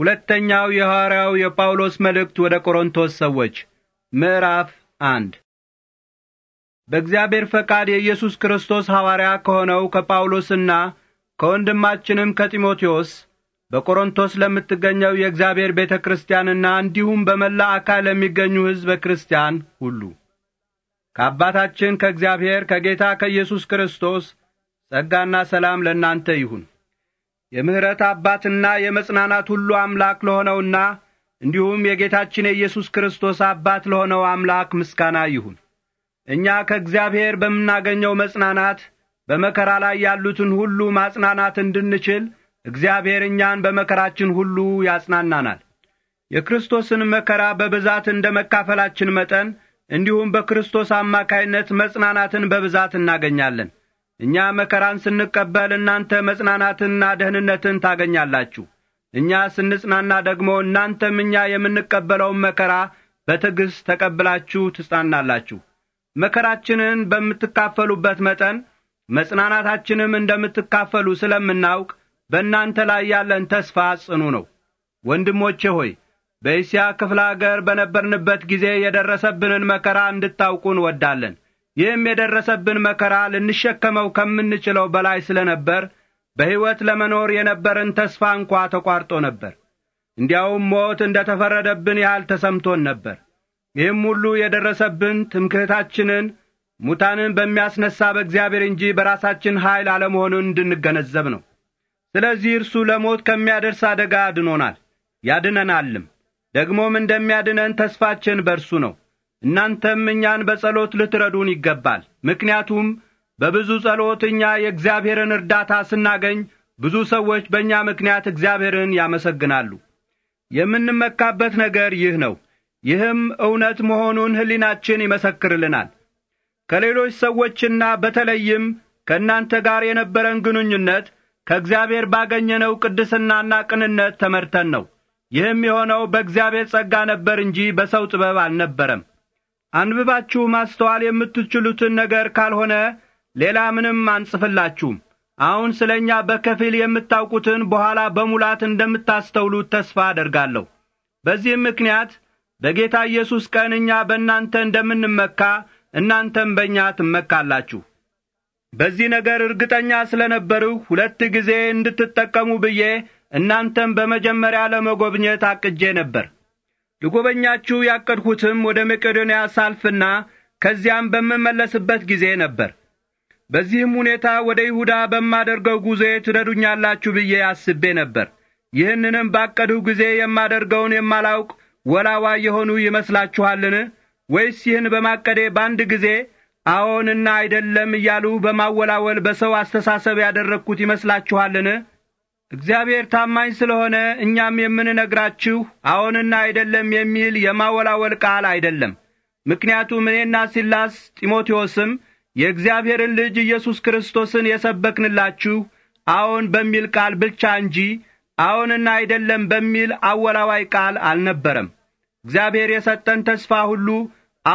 ሁለተኛው የሐዋርያው የጳውሎስ መልእክት ወደ ቆሮንቶስ ሰዎች ምዕራፍ አንድ በእግዚአብሔር ፈቃድ የኢየሱስ ክርስቶስ ሐዋርያ ከሆነው ከጳውሎስና ከወንድማችንም ከጢሞቴዎስ በቆሮንቶስ ለምትገኘው የእግዚአብሔር ቤተ ክርስቲያንና እንዲሁም በመላ አካል ለሚገኙ ሕዝበ ክርስቲያን ሁሉ ከአባታችን ከእግዚአብሔር ከጌታ ከኢየሱስ ክርስቶስ ጸጋና ሰላም ለእናንተ ይሁን። የምሕረት አባትና የመጽናናት ሁሉ አምላክ ለሆነውና እንዲሁም የጌታችን የኢየሱስ ክርስቶስ አባት ለሆነው አምላክ ምስጋና ይሁን። እኛ ከእግዚአብሔር በምናገኘው መጽናናት በመከራ ላይ ያሉትን ሁሉ ማጽናናት እንድንችል እግዚአብሔር እኛን በመከራችን ሁሉ ያጽናናናል። የክርስቶስን መከራ በብዛት እንደ መካፈላችን መጠን እንዲሁም በክርስቶስ አማካይነት መጽናናትን በብዛት እናገኛለን። እኛ መከራን ስንቀበል እናንተ መጽናናትንና ደህንነትን ታገኛላችሁ። እኛ ስንጽናና ደግሞ እናንተም እኛ የምንቀበለውን መከራ በትዕግሥት ተቀብላችሁ ትጽናናላችሁ። መከራችንን በምትካፈሉበት መጠን መጽናናታችንም እንደምትካፈሉ ስለምናውቅ በእናንተ ላይ ያለን ተስፋ ጽኑ ነው። ወንድሞቼ ሆይ በእስያ ክፍለ አገር በነበርንበት ጊዜ የደረሰብንን መከራ እንድታውቁ እንወዳለን። ይህም የደረሰብን መከራ ልንሸከመው ከምንችለው በላይ ስለ ነበር በሕይወት ለመኖር የነበረን ተስፋ እንኳ ተቋርጦ ነበር። እንዲያውም ሞት እንደ ተፈረደብን ያህል ተሰምቶን ነበር። ይህም ሁሉ የደረሰብን ትምክህታችንን ሙታንን በሚያስነሣ በእግዚአብሔር እንጂ በራሳችን ኀይል አለመሆኑን እንድንገነዘብ ነው። ስለዚህ እርሱ ለሞት ከሚያደርስ አደጋ አድኖናል፣ ያድነናልም። ደግሞም እንደሚያድነን ተስፋችን በእርሱ ነው። እናንተም እኛን በጸሎት ልትረዱን ይገባል። ምክንያቱም በብዙ ጸሎት እኛ የእግዚአብሔርን እርዳታ ስናገኝ ብዙ ሰዎች በእኛ ምክንያት እግዚአብሔርን ያመሰግናሉ። የምንመካበት ነገር ይህ ነው። ይህም እውነት መሆኑን ሕሊናችን ይመሰክርልናል። ከሌሎች ሰዎችና በተለይም ከእናንተ ጋር የነበረን ግንኙነት ከእግዚአብሔር ባገኘነው ቅድስናና ቅንነት ተመርተን ነው። ይህም የሆነው በእግዚአብሔር ጸጋ ነበር እንጂ በሰው ጥበብ አልነበረም። አንብባችሁ ማስተዋል የምትችሉትን ነገር ካልሆነ ሌላ ምንም አንጽፍላችሁም። አሁን ስለ እኛ በከፊል የምታውቁትን በኋላ በሙላት እንደምታስተውሉት ተስፋ አደርጋለሁ። በዚህም ምክንያት በጌታ ኢየሱስ ቀን እኛ በእናንተ እንደምንመካ እናንተም በእኛ ትመካላችሁ። በዚህ ነገር እርግጠኛ ስለ ነበርሁ ሁለት ጊዜ እንድትጠቀሙ ብዬ እናንተም በመጀመሪያ ለመጎብኘት አቅጄ ነበር። ልጎበኛችሁ ያቀድሁትም ወደ መቄዶንያ ሳልፍና ከዚያም በምመለስበት ጊዜ ነበር። በዚህም ሁኔታ ወደ ይሁዳ በማደርገው ጉዞዬ ትረዱኛላችሁ ብዬ አስቤ ነበር። ይህንንም ባቀድሁ ጊዜ የማደርገውን የማላውቅ ወላዋ የሆኑ ይመስላችኋልን? ወይስ ይህን በማቀዴ በአንድ ጊዜ አዎንና አይደለም እያሉ በማወላወል በሰው አስተሳሰብ ያደረግኩት ይመስላችኋልን? እግዚአብሔር ታማኝ ስለሆነ እኛም የምንነግራችሁ አዎንና አይደለም የሚል የማወላወል ቃል አይደለም። ምክንያቱም እኔና ሲላስ ጢሞቴዎስም የእግዚአብሔርን ልጅ ኢየሱስ ክርስቶስን የሰበክንላችሁ አዎን በሚል ቃል ብቻ እንጂ አዎንና አይደለም በሚል አወላዋይ ቃል አልነበረም። እግዚአብሔር የሰጠን ተስፋ ሁሉ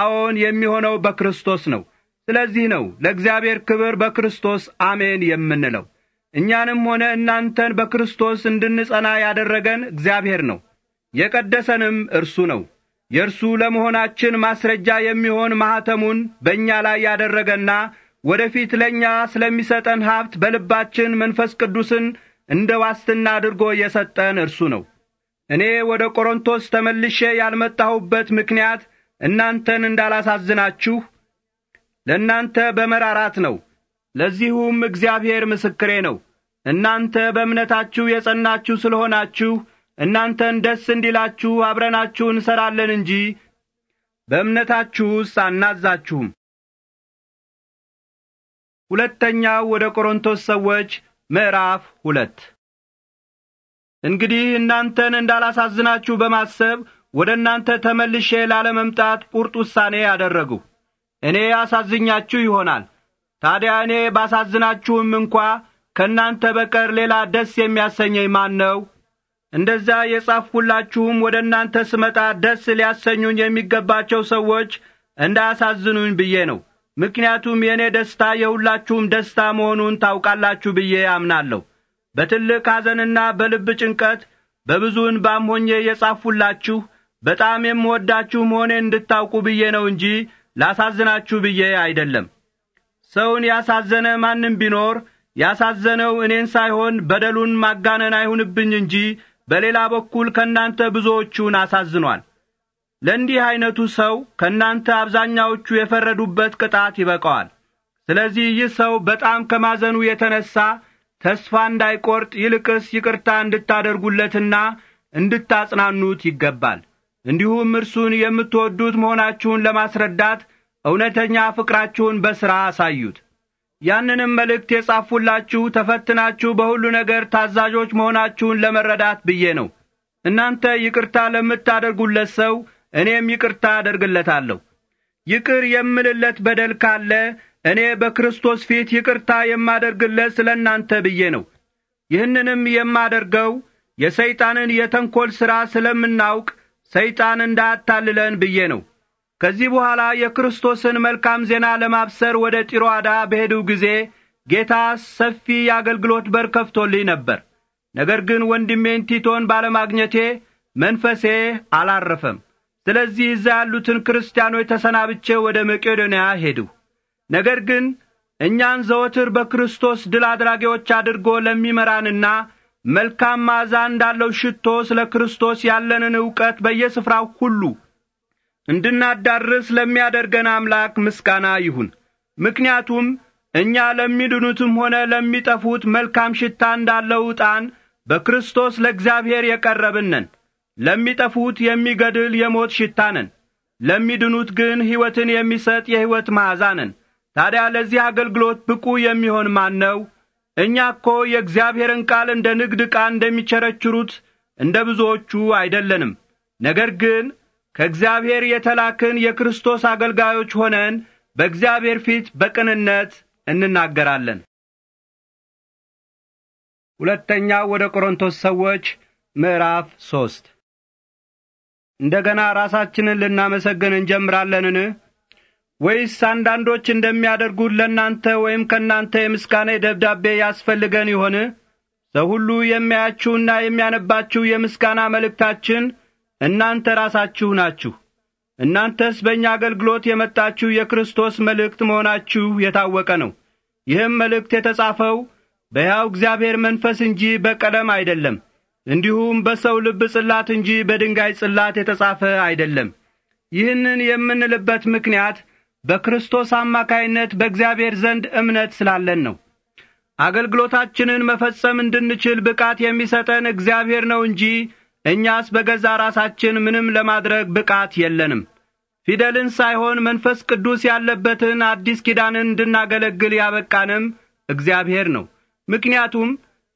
አዎን የሚሆነው በክርስቶስ ነው። ስለዚህ ነው ለእግዚአብሔር ክብር በክርስቶስ አሜን የምንለው። እኛንም ሆነ እናንተን በክርስቶስ እንድንጸና ያደረገን እግዚአብሔር ነው፣ የቀደሰንም እርሱ ነው። የእርሱ ለመሆናችን ማስረጃ የሚሆን ማኅተሙን በእኛ ላይ ያደረገና ወደፊት ለእኛ ስለሚሰጠን ሀብት በልባችን መንፈስ ቅዱስን እንደ ዋስትና አድርጎ የሰጠን እርሱ ነው። እኔ ወደ ቆሮንቶስ ተመልሼ ያልመጣሁበት ምክንያት እናንተን እንዳላሳዝናችሁ ለእናንተ በመራራት ነው። ለዚሁም እግዚአብሔር ምስክሬ ነው። እናንተ በእምነታችሁ የጸናችሁ ስለሆናችሁ እናንተን ደስ እንዲላችሁ አብረናችሁ እንሰራለን እንጂ በእምነታችሁስ አናዛችሁም። ሁለተኛው ወደ ቆሮንቶስ ሰዎች ምዕራፍ ሁለት እንግዲህ እናንተን እንዳላሳዝናችሁ በማሰብ ወደ እናንተ ተመልሼ ላለመምጣት ቁርጥ ውሳኔ አደረግሁ። እኔ አሳዝኛችሁ ይሆናል ታዲያ እኔ ባሳዝናችሁም እንኳ ከእናንተ በቀር ሌላ ደስ የሚያሰኘኝ ማን ነው? እንደዛ የጻፍሁላችሁም ወደ እናንተ ስመጣ ደስ ሊያሰኙኝ የሚገባቸው ሰዎች እንዳያሳዝኑኝ ብዬ ነው። ምክንያቱም የእኔ ደስታ የሁላችሁም ደስታ መሆኑን ታውቃላችሁ ብዬ አምናለሁ። በትልቅ ሐዘንና በልብ ጭንቀት በብዙ እንባም ሆኜ የጻፍሁላችሁ በጣም የምወዳችሁ መሆኔን እንድታውቁ ብዬ ነው እንጂ ላሳዝናችሁ ብዬ አይደለም። ሰውን ያሳዘነ ማንም ቢኖር ያሳዘነው እኔን ሳይሆን በደሉን ማጋነን አይሁንብኝ እንጂ በሌላ በኩል ከእናንተ ብዙዎቹን አሳዝኗል። ለእንዲህ ዐይነቱ ሰው ከእናንተ አብዛኛዎቹ የፈረዱበት ቅጣት ይበቃዋል። ስለዚህ ይህ ሰው በጣም ከማዘኑ የተነሣ ተስፋ እንዳይቈርጥ ይልቅስ ይቅርታ እንድታደርጉለትና እንድታጽናኑት ይገባል። እንዲሁም እርሱን የምትወዱት መሆናችሁን ለማስረዳት እውነተኛ ፍቅራችሁን በሥራ አሳዩት። ያንንም መልእክት የጻፉላችሁ ተፈትናችሁ በሁሉ ነገር ታዛዦች መሆናችሁን ለመረዳት ብዬ ነው። እናንተ ይቅርታ ለምታደርጉለት ሰው እኔም ይቅርታ አደርግለታለሁ። ይቅር የምልለት በደል ካለ እኔ በክርስቶስ ፊት ይቅርታ የማደርግለት ስለ እናንተ ብዬ ነው። ይህንንም የማደርገው የሰይጣንን የተንኰል ሥራ ስለምናውቅ ሰይጣን እንዳያታልለን ብዬ ነው። ከዚህ በኋላ የክርስቶስን መልካም ዜና ለማብሰር ወደ ጢሮአዳ በሄድሁ ጊዜ ጌታ ሰፊ የአገልግሎት በር ከፍቶልኝ ነበር። ነገር ግን ወንድሜን ቲቶን ባለማግኘቴ መንፈሴ አላረፈም። ስለዚህ እዛ ያሉትን ክርስቲያኖች ተሰናብቼ ወደ መቄዶንያ ሄድሁ። ነገር ግን እኛን ዘወትር በክርስቶስ ድል አድራጊዎች አድርጎ ለሚመራንና መልካም ማዛ እንዳለው ሽቶ ስለ ክርስቶስ ያለንን ዕውቀት በየስፍራው ሁሉ እንድናዳርስ ለሚያደርገን አምላክ ምስጋና ይሁን። ምክንያቱም እኛ ለሚድኑትም ሆነ ለሚጠፉት መልካም ሽታ እንዳለው ዕጣን በክርስቶስ ለእግዚአብሔር የቀረብነን። ለሚጠፉት የሚገድል የሞት ሽታ ነን፣ ለሚድኑት ግን ሕይወትን የሚሰጥ የሕይወት መዓዛ ነን። ታዲያ ለዚህ አገልግሎት ብቁ የሚሆን ማን ነው? እኛ እኮ የእግዚአብሔርን ቃል እንደ ንግድ ዕቃ እንደሚቸረችሩት እንደ ብዙዎቹ አይደለንም። ነገር ግን ከእግዚአብሔር የተላክን የክርስቶስ አገልጋዮች ሆነን በእግዚአብሔር ፊት በቅንነት እንናገራለን። ሁለተኛ ወደ ቆሮንቶስ ሰዎች ምዕራፍ ሶስት እንደገና ራሳችንን ልናመሰግን እንጀምራለንን? ወይስ አንዳንዶች እንደሚያደርጉት ለእናንተ ወይም ከእናንተ የምስጋና ደብዳቤ ያስፈልገን ይሆን? ሰው ሁሉ የሚያያችሁና የሚያነባችሁ የምስጋና መልእክታችን እናንተ ራሳችሁ ናችሁ። እናንተስ በእኛ አገልግሎት የመጣችሁ የክርስቶስ መልእክት መሆናችሁ የታወቀ ነው። ይህም መልእክት የተጻፈው በሕያው እግዚአብሔር መንፈስ እንጂ በቀለም አይደለም፣ እንዲሁም በሰው ልብ ጽላት እንጂ በድንጋይ ጽላት የተጻፈ አይደለም። ይህንን የምንልበት ምክንያት በክርስቶስ አማካይነት በእግዚአብሔር ዘንድ እምነት ስላለን ነው። አገልግሎታችንን መፈጸም እንድንችል ብቃት የሚሰጠን እግዚአብሔር ነው እንጂ እኛስ በገዛ ራሳችን ምንም ለማድረግ ብቃት የለንም። ፊደልን ሳይሆን መንፈስ ቅዱስ ያለበትን አዲስ ኪዳንን እንድናገለግል ያበቃንም እግዚአብሔር ነው። ምክንያቱም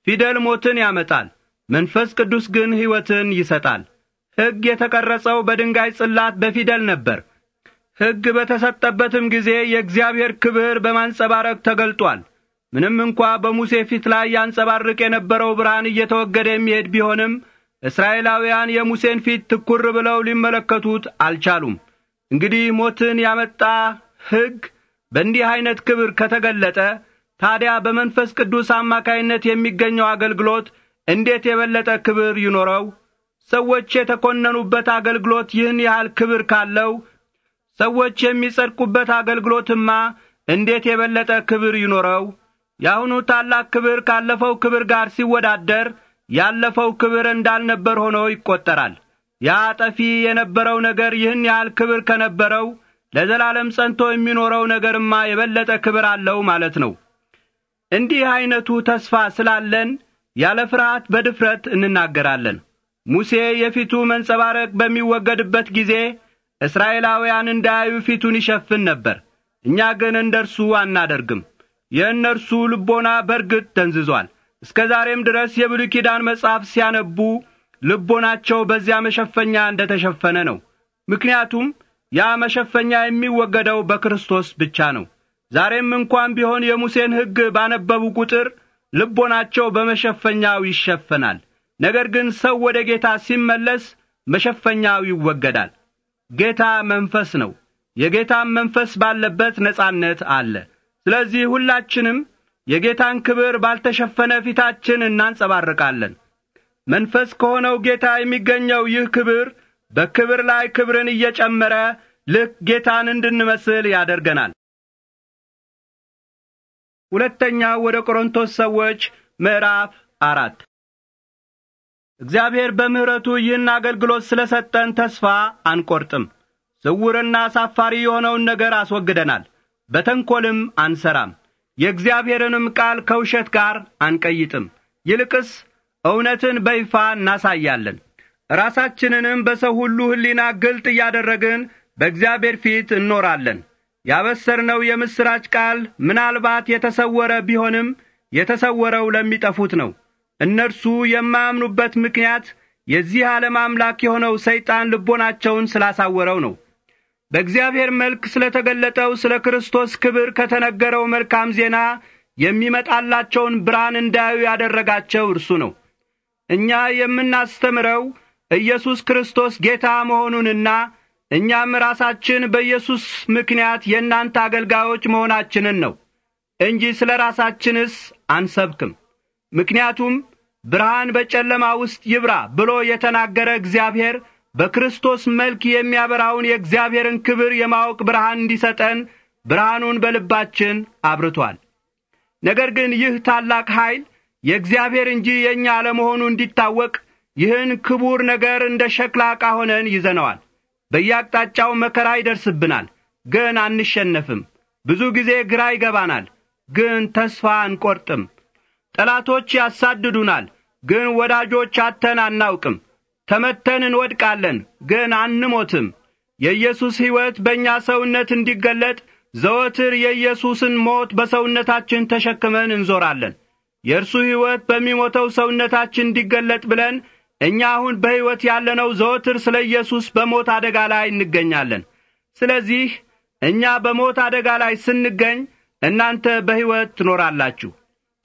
ፊደል ሞትን ያመጣል፣ መንፈስ ቅዱስ ግን ሕይወትን ይሰጣል። ሕግ የተቀረጸው በድንጋይ ጽላት በፊደል ነበር። ሕግ በተሰጠበትም ጊዜ የእግዚአብሔር ክብር በማንጸባረቅ ተገልጧል። ምንም እንኳ በሙሴ ፊት ላይ ያንጸባርቅ የነበረው ብርሃን እየተወገደ የሚሄድ ቢሆንም እስራኤላውያን የሙሴን ፊት ትኩር ብለው ሊመለከቱት አልቻሉም እንግዲህ ሞትን ያመጣ ሕግ በእንዲህ ዐይነት ክብር ከተገለጠ ታዲያ በመንፈስ ቅዱስ አማካይነት የሚገኘው አገልግሎት እንዴት የበለጠ ክብር ይኖረው ሰዎች የተኰነኑበት አገልግሎት ይህን ያህል ክብር ካለው ሰዎች የሚጸድቁበት አገልግሎትማ እንዴት የበለጠ ክብር ይኖረው የአሁኑ ታላቅ ክብር ካለፈው ክብር ጋር ሲወዳደር ያለፈው ክብር እንዳልነበር ሆኖ ይቈጠራል። ያ ጠፊ የነበረው ነገር ይህን ያህል ክብር ከነበረው ለዘላለም ጸንቶ የሚኖረው ነገርማ የበለጠ ክብር አለው ማለት ነው። እንዲህ ዐይነቱ ተስፋ ስላለን ያለ ፍርሃት በድፍረት እንናገራለን። ሙሴ የፊቱ መንጸባረቅ በሚወገድበት ጊዜ እስራኤላውያን እንዳያዩ ፊቱን ይሸፍን ነበር። እኛ ግን እንደ እርሱ አናደርግም። የእነርሱ ልቦና በርግጥ ደንዝዟል፣ እስከ ዛሬም ድረስ የብሉይ ኪዳን መጽሐፍ ሲያነቡ ልቦናቸው በዚያ መሸፈኛ እንደ ተሸፈነ ነው። ምክንያቱም ያ መሸፈኛ የሚወገደው በክርስቶስ ብቻ ነው። ዛሬም እንኳን ቢሆን የሙሴን ሕግ ባነበቡ ቁጥር ልቦናቸው በመሸፈኛው ይሸፈናል። ነገር ግን ሰው ወደ ጌታ ሲመለስ መሸፈኛው ይወገዳል። ጌታ መንፈስ ነው። የጌታም መንፈስ ባለበት ነጻነት አለ። ስለዚህ ሁላችንም የጌታን ክብር ባልተሸፈነ ፊታችን እናንጸባርቃለን። መንፈስ ከሆነው ጌታ የሚገኘው ይህ ክብር በክብር ላይ ክብርን እየጨመረ ልክ ጌታን እንድንመስል ያደርገናል። ሁለተኛ ወደ ቆሮንቶስ ሰዎች ምዕራፍ አራት እግዚአብሔር በምሕረቱ ይህን አገልግሎት ስለ ሰጠን ተስፋ አንቈርጥም። ስውርና አሳፋሪ የሆነውን ነገር አስወግደናል፣ በተንኰልም አንሠራም። የእግዚአብሔርንም ቃል ከውሸት ጋር አንቀይጥም። ይልቅስ እውነትን በይፋ እናሳያለን። ራሳችንንም በሰው ሁሉ ሕሊና ግልጥ እያደረግን በእግዚአብሔር ፊት እንኖራለን። ያበሰርነው የምሥራች ቃል ምናልባት የተሰወረ ቢሆንም የተሰወረው ለሚጠፉት ነው። እነርሱ የማያምኑበት ምክንያት የዚህ ዓለም አምላክ የሆነው ሰይጣን ልቦናቸውን ስላሳወረው ነው። በእግዚአብሔር መልክ ስለ ተገለጠው ስለ ክርስቶስ ክብር ከተነገረው መልካም ዜና የሚመጣላቸውን ብርሃን እንዳያዩ ያደረጋቸው እርሱ ነው። እኛ የምናስተምረው ኢየሱስ ክርስቶስ ጌታ መሆኑንና እኛም ራሳችን በኢየሱስ ምክንያት የእናንተ አገልጋዮች መሆናችንን ነው እንጂ ስለ ራሳችንስ አንሰብክም። ምክንያቱም ብርሃን በጨለማ ውስጥ ይብራ ብሎ የተናገረ እግዚአብሔር በክርስቶስ መልክ የሚያበራውን የእግዚአብሔርን ክብር የማወቅ ብርሃን እንዲሰጠን ብርሃኑን በልባችን አብርቷል። ነገር ግን ይህ ታላቅ ኃይል የእግዚአብሔር እንጂ የእኛ አለመሆኑ እንዲታወቅ ይህን ክቡር ነገር እንደ ሸክላ ዕቃ ሆነን ይዘነዋል። በየአቅጣጫው መከራ ይደርስብናል፣ ግን አንሸነፍም። ብዙ ጊዜ ግራ ይገባናል፣ ግን ተስፋ አንቈርጥም። ጠላቶች ያሳድዱናል፣ ግን ወዳጆች አተን አናውቅም። ተመተን እንወድቃለን፣ ግን አንሞትም። የኢየሱስ ሕይወት በእኛ ሰውነት እንዲገለጥ ዘወትር የኢየሱስን ሞት በሰውነታችን ተሸክመን እንዞራለን። የእርሱ ሕይወት በሚሞተው ሰውነታችን እንዲገለጥ ብለን እኛ አሁን በሕይወት ያለነው ዘወትር ስለ ኢየሱስ በሞት አደጋ ላይ እንገኛለን። ስለዚህ እኛ በሞት አደጋ ላይ ስንገኝ እናንተ በሕይወት ትኖራላችሁ።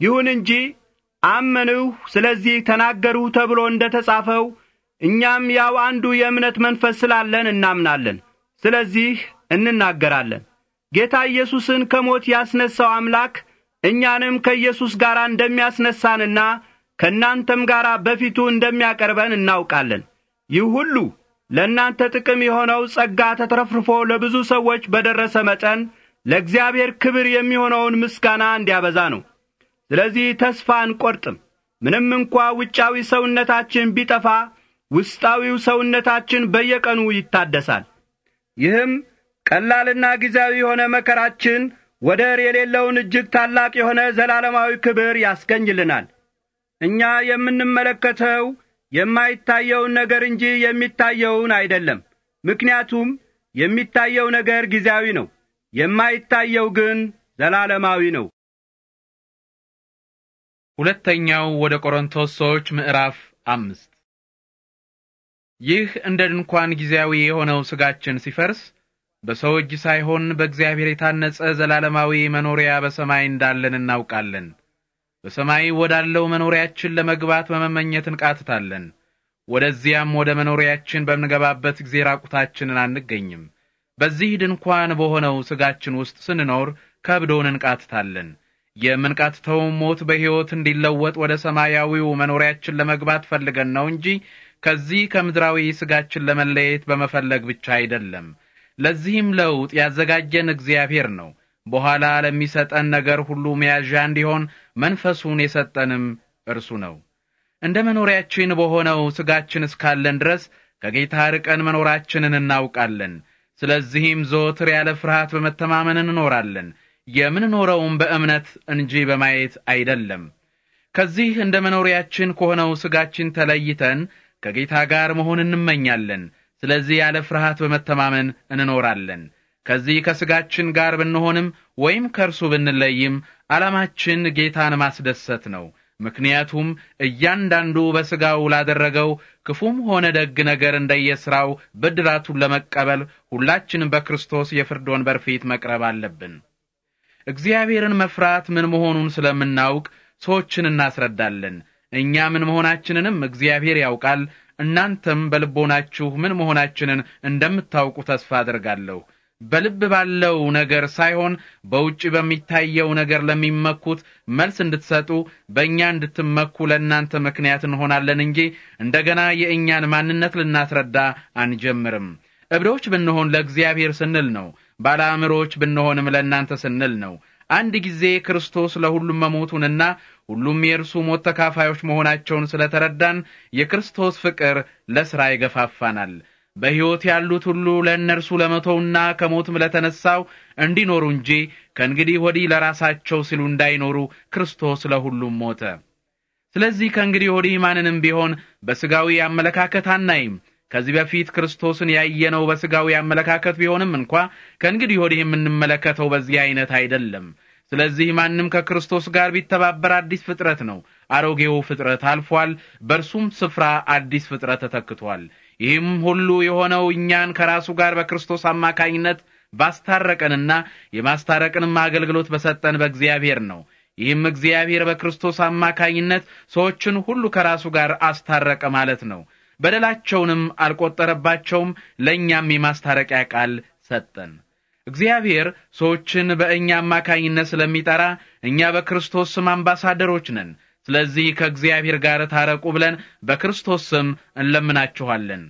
ይሁን እንጂ አመንሁ፣ ስለዚህ ተናገርሁ ተብሎ እንደ ተጻፈው እኛም ያው አንዱ የእምነት መንፈስ ስላለን እናምናለን። ስለዚህ እንናገራለን። ጌታ ኢየሱስን ከሞት ያስነሳው አምላክ እኛንም ከኢየሱስ ጋር እንደሚያስነሳንና ከእናንተም ጋር በፊቱ እንደሚያቀርበን እናውቃለን። ይህ ሁሉ ለእናንተ ጥቅም የሆነው ጸጋ ተትረፍርፎ ለብዙ ሰዎች በደረሰ መጠን ለእግዚአብሔር ክብር የሚሆነውን ምስጋና እንዲያበዛ ነው። ስለዚህ ተስፋ አንቈርጥም። ምንም እንኳ ውጫዊ ሰውነታችን ቢጠፋ ውስጣዊው ሰውነታችን በየቀኑ ይታደሳል። ይህም ቀላልና ጊዜያዊ የሆነ መከራችን ወደር የሌለውን እጅግ ታላቅ የሆነ ዘላለማዊ ክብር ያስገኝልናል። እኛ የምንመለከተው የማይታየውን ነገር እንጂ የሚታየውን አይደለም። ምክንያቱም የሚታየው ነገር ጊዜያዊ ነው፣ የማይታየው ግን ዘላለማዊ ነው። ሁለተኛው ወደ ቆሮንቶስ ሰዎች ምዕራፍ አምስት ይህ እንደ ድንኳን ጊዜያዊ የሆነው ሥጋችን ሲፈርስ በሰው እጅ ሳይሆን በእግዚአብሔር የታነጸ ዘላለማዊ መኖሪያ በሰማይ እንዳለን እናውቃለን። በሰማይ ወዳለው መኖሪያችን ለመግባት በመመኘት እንቃትታለን። ወደዚያም ወደ መኖሪያችን በምንገባበት ጊዜ ራቁታችንን አንገኝም። በዚህ ድንኳን በሆነው ሥጋችን ውስጥ ስንኖር ከብዶን እንቃትታለን። የምንቃትተውም ሞት በሕይወት እንዲለወጥ ወደ ሰማያዊው መኖሪያችን ለመግባት ፈልገን ነው እንጂ ከዚህ ከምድራዊ ሥጋችን ለመለየት በመፈለግ ብቻ አይደለም። ለዚህም ለውጥ ያዘጋጀን እግዚአብሔር ነው። በኋላ ለሚሰጠን ነገር ሁሉ መያዣ እንዲሆን መንፈሱን የሰጠንም እርሱ ነው። እንደ መኖሪያችን በሆነው ሥጋችን እስካለን ድረስ ከጌታ ርቀን መኖራችንን እናውቃለን። ስለዚህም ዘወትር ያለ ፍርሃት በመተማመን እንኖራለን። የምንኖረውም በእምነት እንጂ በማየት አይደለም። ከዚህ እንደ መኖሪያችን ከሆነው ሥጋችን ተለይተን ከጌታ ጋር መሆን እንመኛለን። ስለዚህ ያለ ፍርሃት በመተማመን እንኖራለን። ከዚህ ከሥጋችን ጋር ብንሆንም ወይም ከእርሱ ብንለይም ዓላማችን ጌታን ማስደሰት ነው። ምክንያቱም እያንዳንዱ በሥጋው ላደረገው ክፉም ሆነ ደግ ነገር እንደየሥራው ብድራቱን ለመቀበል ሁላችንም በክርስቶስ የፍርድ ወንበር ፊት መቅረብ አለብን። እግዚአብሔርን መፍራት ምን መሆኑን ስለምናውቅ ሰዎችን እናስረዳለን። እኛ ምን መሆናችንንም እግዚአብሔር ያውቃል። እናንተም በልቦናችሁ ምን መሆናችንን እንደምታውቁ ተስፋ አድርጋለሁ። በልብ ባለው ነገር ሳይሆን በውጭ በሚታየው ነገር ለሚመኩት መልስ እንድትሰጡ በእኛ እንድትመኩ ለእናንተ ምክንያት እንሆናለን እንጂ እንደገና የእኛን ማንነት ልናስረዳ አንጀምርም። እብዶች ብንሆን ለእግዚአብሔር ስንል ነው። ባለአእምሮዎች ብንሆንም ለእናንተ ስንል ነው። አንድ ጊዜ ክርስቶስ ለሁሉም መሞቱንና ሁሉም የእርሱ ሞት ተካፋዮች መሆናቸውን ስለተረዳን የክርስቶስ ፍቅር ለሥራ ይገፋፋናል። በሕይወት ያሉት ሁሉ ለእነርሱ ለመቶውና ከሞትም ለተነሣው እንዲኖሩ እንጂ ከእንግዲህ ወዲህ ለራሳቸው ሲሉ እንዳይኖሩ ክርስቶስ ለሁሉም ሞተ። ስለዚህ ከእንግዲህ ወዲህ ማንንም ቢሆን በሥጋዊ አመለካከት አናይም። ከዚህ በፊት ክርስቶስን ያየነው በሥጋዊ አመለካከት ቢሆንም እንኳ ከእንግዲህ ወዲህ የምንመለከተው በዚህ አይነት አይደለም። ስለዚህ ማንም ከክርስቶስ ጋር ቢተባበር አዲስ ፍጥረት ነው። አሮጌው ፍጥረት አልፏል፣ በእርሱም ስፍራ አዲስ ፍጥረት ተተክቷል። ይህም ሁሉ የሆነው እኛን ከራሱ ጋር በክርስቶስ አማካኝነት ባስታረቀንና የማስታረቅንም አገልግሎት በሰጠን በእግዚአብሔር ነው። ይህም እግዚአብሔር በክርስቶስ አማካኝነት ሰዎችን ሁሉ ከራሱ ጋር አስታረቀ ማለት ነው። በደላቸውንም አልቆጠረባቸውም። ለእኛም የማስታረቂያ ቃል ሰጠን። እግዚአብሔር ሰዎችን በእኛ አማካኝነት ስለሚጠራ እኛ በክርስቶስ ስም አምባሳደሮች ነን። ስለዚህ ከእግዚአብሔር ጋር ታረቁ ብለን በክርስቶስ ስም እንለምናችኋለን።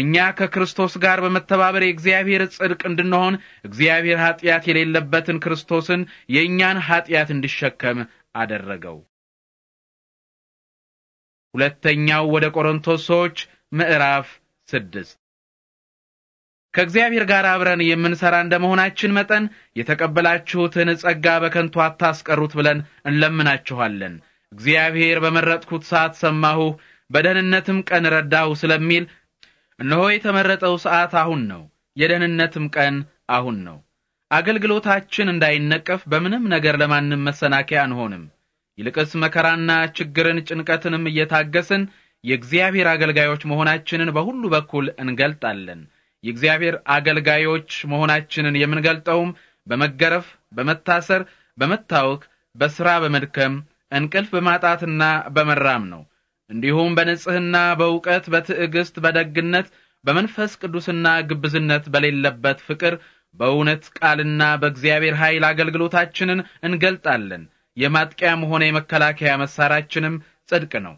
እኛ ከክርስቶስ ጋር በመተባበር የእግዚአብሔር ጽድቅ እንድንሆን እግዚአብሔር ኀጢአት የሌለበትን ክርስቶስን የእኛን ኀጢአት እንዲሸከም አደረገው። ሁለተኛው ወደ ቆሮንቶስ ሰዎች ምዕራፍ ስድስት ከእግዚአብሔር ጋር አብረን የምንሰራ እንደመሆናችን መጠን የተቀበላችሁትን ጸጋ በከንቱ አታስቀሩት ብለን እንለምናችኋለን። እግዚአብሔር በመረጥኩት ሰዓት ሰማሁህ፣ በደህንነትም ቀን ረዳሁ ስለሚል እነሆ የተመረጠው ሰዓት አሁን ነው፣ የደህንነትም ቀን አሁን ነው። አገልግሎታችን እንዳይነቀፍ በምንም ነገር ለማንም መሰናከያ አንሆንም። ይልቅስ መከራና ችግርን ጭንቀትንም እየታገስን የእግዚአብሔር አገልጋዮች መሆናችንን በሁሉ በኩል እንገልጣለን። የእግዚአብሔር አገልጋዮች መሆናችንን የምንገልጠውም በመገረፍ፣ በመታሰር፣ በመታወክ፣ በሥራ በመድከም፣ እንቅልፍ በማጣትና በመራም ነው። እንዲሁም በንጽሕና፣ በእውቀት፣ በትዕግስት፣ በደግነት፣ በመንፈስ ቅዱስና ግብዝነት በሌለበት ፍቅር፣ በእውነት ቃልና በእግዚአብሔር ኃይል አገልግሎታችንን እንገልጣለን። የማጥቂያም ሆነ የመከላከያ መሳሪያችንም ጽድቅ ነው።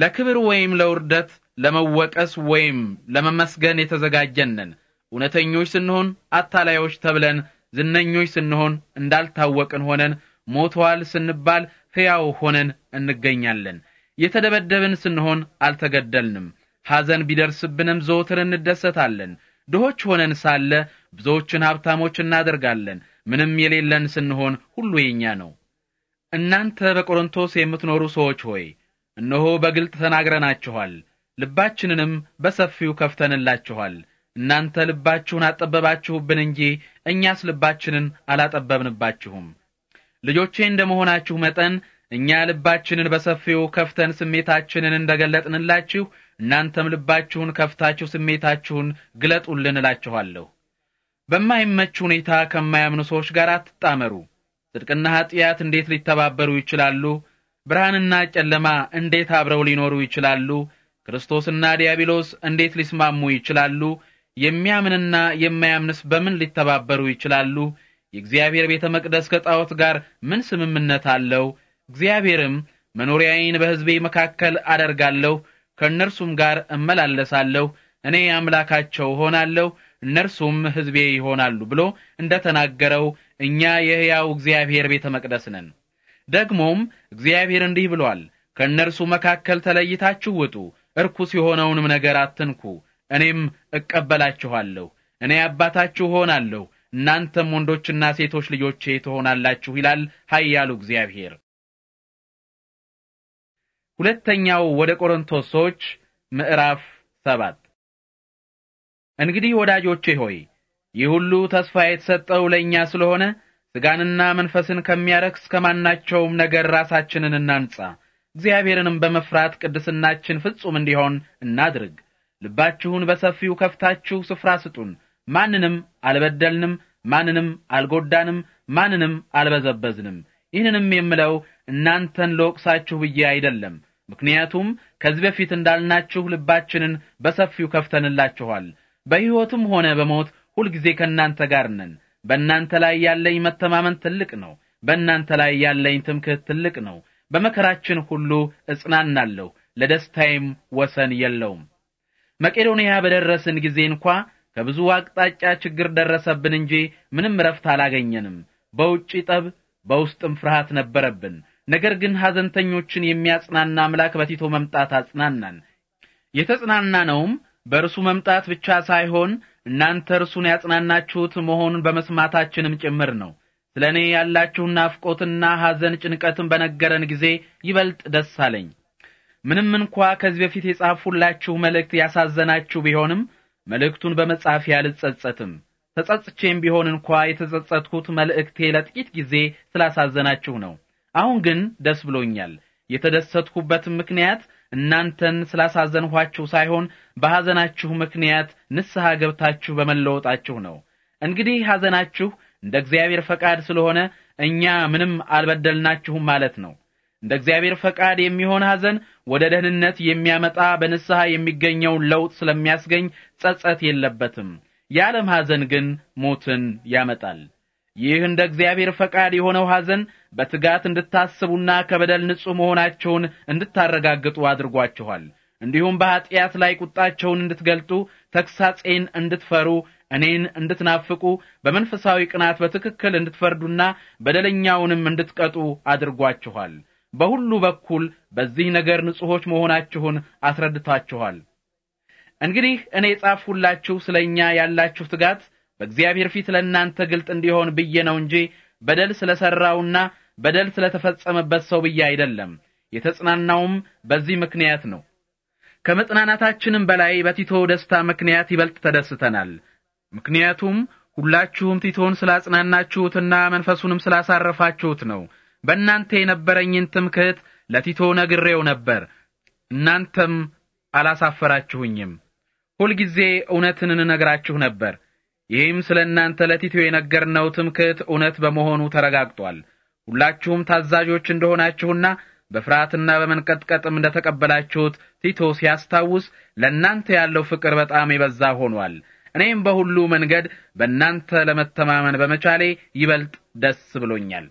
ለክብር ወይም ለውርደት፣ ለመወቀስ ወይም ለመመስገን የተዘጋጀንን እውነተኞች ስንሆን አታላዮች ተብለን፣ ዝነኞች ስንሆን እንዳልታወቅን ሆነን፣ ሞተዋል ስንባል ሕያው ሆነን እንገኛለን። የተደበደብን ስንሆን አልተገደልንም። ሐዘን ቢደርስብንም ዘወትር እንደሰታለን። ድሆች ሆነን ሳለ ብዙዎችን ሀብታሞች እናደርጋለን። ምንም የሌለን ስንሆን ሁሉ የኛ ነው። እናንተ በቆሮንቶስ የምትኖሩ ሰዎች ሆይ እነሆ በግልጥ ተናግረናችኋል፣ ልባችንንም በሰፊው ከፍተንላችኋል። እናንተ ልባችሁን አጠበባችሁብን እንጂ እኛስ ልባችንን አላጠበብንባችሁም። ልጆቼ እንደ መሆናችሁ መጠን እኛ ልባችንን በሰፊው ከፍተን ስሜታችንን እንደ ገለጥንላችሁ እናንተም ልባችሁን ከፍታችሁ ስሜታችሁን ግለጡልን እላችኋለሁ። በማይመች ሁኔታ ከማያምኑ ሰዎች ጋር አትጣመሩ። ጽድቅና ኀጢአት እንዴት ሊተባበሩ ይችላሉ? ብርሃንና ጨለማ እንዴት አብረው ሊኖሩ ይችላሉ? ክርስቶስና ዲያብሎስ እንዴት ሊስማሙ ይችላሉ? የሚያምንና የማያምንስ በምን ሊተባበሩ ይችላሉ? የእግዚአብሔር ቤተ መቅደስ ከጣዖት ጋር ምን ስምምነት አለው? እግዚአብሔርም መኖሪያዬን በሕዝቤ መካከል አደርጋለሁ፣ ከእነርሱም ጋር እመላለሳለሁ፣ እኔ አምላካቸው ሆናለሁ እነርሱም ሕዝቤ ይሆናሉ ብሎ እንደተናገረው እኛ የሕያው እግዚአብሔር ቤተ መቅደስ ነን። ደግሞም እግዚአብሔር እንዲህ ብሏል፣ ከእነርሱ መካከል ተለይታችሁ ውጡ፣ እርኩስ የሆነውንም ነገር አትንኩ፣ እኔም እቀበላችኋለሁ። እኔ አባታችሁ ሆናለሁ፣ እናንተም ወንዶችና ሴቶች ልጆቼ ትሆናላችሁ ይላል ኃያሉ እግዚአብሔር። ሁለተኛው ወደ ቆሮንቶስ ሰዎች ምዕራፍ ሰባት እንግዲህ ወዳጆቼ ሆይ ይህ ሁሉ ተስፋ የተሰጠው ለእኛ ስለሆነ ሥጋንና መንፈስን ከሚያረክስ ከማናቸውም ነገር ራሳችንን እናንጻ። እግዚአብሔርንም በመፍራት ቅድስናችን ፍጹም እንዲሆን እናድርግ። ልባችሁን በሰፊው ከፍታችሁ ስፍራ ስጡን። ማንንም አልበደልንም፣ ማንንም አልጎዳንም፣ ማንንም አልበዘበዝንም። ይህንንም የምለው እናንተን ለወቅሳችሁ ብዬ አይደለም። ምክንያቱም ከዚህ በፊት እንዳልናችሁ ልባችንን በሰፊው ከፍተንላችኋል። በሕይወትም ሆነ በሞት ሁልጊዜ ከእናንተ ጋር ነን። በእናንተ ላይ ያለኝ መተማመን ትልቅ ነው። በእናንተ ላይ ያለኝ ትምክህት ትልቅ ነው። በመከራችን ሁሉ እጽናናለሁ፣ ለደስታዬም ወሰን የለውም። መቄዶንያ በደረስን ጊዜ እንኳ ከብዙ አቅጣጫ ችግር ደረሰብን እንጂ ምንም እረፍት አላገኘንም። በውጪ ጠብ፣ በውስጥም ፍርሃት ነበረብን። ነገር ግን ሐዘንተኞችን የሚያጽናና አምላክ በቲቶ መምጣት አጽናናን። የተጽናናነውም በእርሱ መምጣት ብቻ ሳይሆን እናንተ እርሱን ያጽናናችሁት መሆኑን በመስማታችንም ጭምር ነው። ስለ እኔ ያላችሁን ናፍቆትና ሐዘን ጭንቀትን በነገረን ጊዜ ይበልጥ ደስ አለኝ። ምንም እንኳ ከዚህ በፊት የጻፉላችሁ መልእክት ያሳዘናችሁ ቢሆንም መልእክቱን በመጻፊ አልጸጸትም። ተጸጽቼም ቢሆን እንኳ የተጸጸትሁት መልእክቴ ለጥቂት ጊዜ ስላሳዘናችሁ ነው። አሁን ግን ደስ ብሎኛል። የተደሰትሁበትም ምክንያት እናንተን ስላሳዘንኋችሁ ሳይሆን በሐዘናችሁ ምክንያት ንስሐ ገብታችሁ በመለወጣችሁ ነው። እንግዲህ ሐዘናችሁ እንደ እግዚአብሔር ፈቃድ ስለሆነ እኛ ምንም አልበደልናችሁም ማለት ነው። እንደ እግዚአብሔር ፈቃድ የሚሆን ሐዘን ወደ ደህንነት የሚያመጣ በንስሐ የሚገኘውን ለውጥ ስለሚያስገኝ ጸጸት የለበትም። የዓለም ሐዘን ግን ሞትን ያመጣል። ይህ እንደ እግዚአብሔር ፈቃድ የሆነው ሐዘን በትጋት እንድታስቡና ከበደል ንጹሕ መሆናቸውን እንድታረጋግጡ አድርጓችኋል። እንዲሁም በኀጢአት ላይ ቁጣቸውን እንድትገልጡ፣ ተግሣጼን እንድትፈሩ፣ እኔን እንድትናፍቁ፣ በመንፈሳዊ ቅናት በትክክል እንድትፈርዱና በደለኛውንም እንድትቀጡ አድርጓችኋል። በሁሉ በኩል በዚህ ነገር ንጹሖች መሆናችሁን አስረድታችኋል። እንግዲህ እኔ የጻፍሁላችሁ ስለ እኛ ያላችሁ ትጋት በእግዚአብሔር ፊት ለእናንተ ግልጥ እንዲሆን ብዬ ነው እንጂ በደል ስለሰራውና በደል ስለተፈጸመበት ሰው ብዬ አይደለም። የተጽናናውም በዚህ ምክንያት ነው። ከመጽናናታችንም በላይ በቲቶ ደስታ ምክንያት ይበልጥ ተደስተናል። ምክንያቱም ሁላችሁም ቲቶን ስላጽናናችሁትና መንፈሱንም ስላሳረፋችሁት ነው። በእናንተ የነበረኝን ትምክህት ለቲቶ ነግሬው ነበር፣ እናንተም አላሳፈራችሁኝም። ሁልጊዜ እውነትን እነግራችሁ ነበር። ይህም ስለ እናንተ ለቲቶ የነገርነው ትምክህት እውነት በመሆኑ ተረጋግጧል። ሁላችሁም ታዛዦች እንደሆናችሁና በፍርሃትና በመንቀጥቀጥም ተቀበላችሁት ቲቶ ሲያስታውስ ለእናንተ ያለው ፍቅር በጣም የበዛ ሆኗል። እኔም በሁሉ መንገድ በእናንተ ለመተማመን በመቻሌ ይበልጥ ደስ ብሎኛል።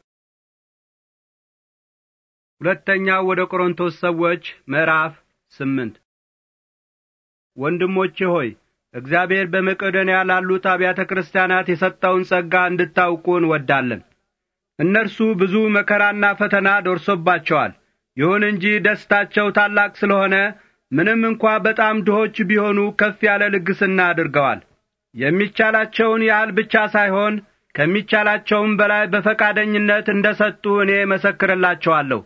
ሁለተኛው ወደ ቆሮንቶስ ሰዎች ምዕራፍ ስምንት ወንድሞቼ ሆይ እግዚአብሔር በመቄዶንያ ላሉት አብያተ ክርስቲያናት የሰጠውን ጸጋ እንድታውቁ እንወዳለን። እነርሱ ብዙ መከራና ፈተና ደርሶባቸዋል። ይሁን እንጂ ደስታቸው ታላቅ ስለሆነ ምንም እንኳ በጣም ድሆች ቢሆኑ ከፍ ያለ ልግስና አድርገዋል። የሚቻላቸውን ያህል ብቻ ሳይሆን ከሚቻላቸውም በላይ በፈቃደኝነት እንደ ሰጡ እኔ መሰክርላቸዋለሁ።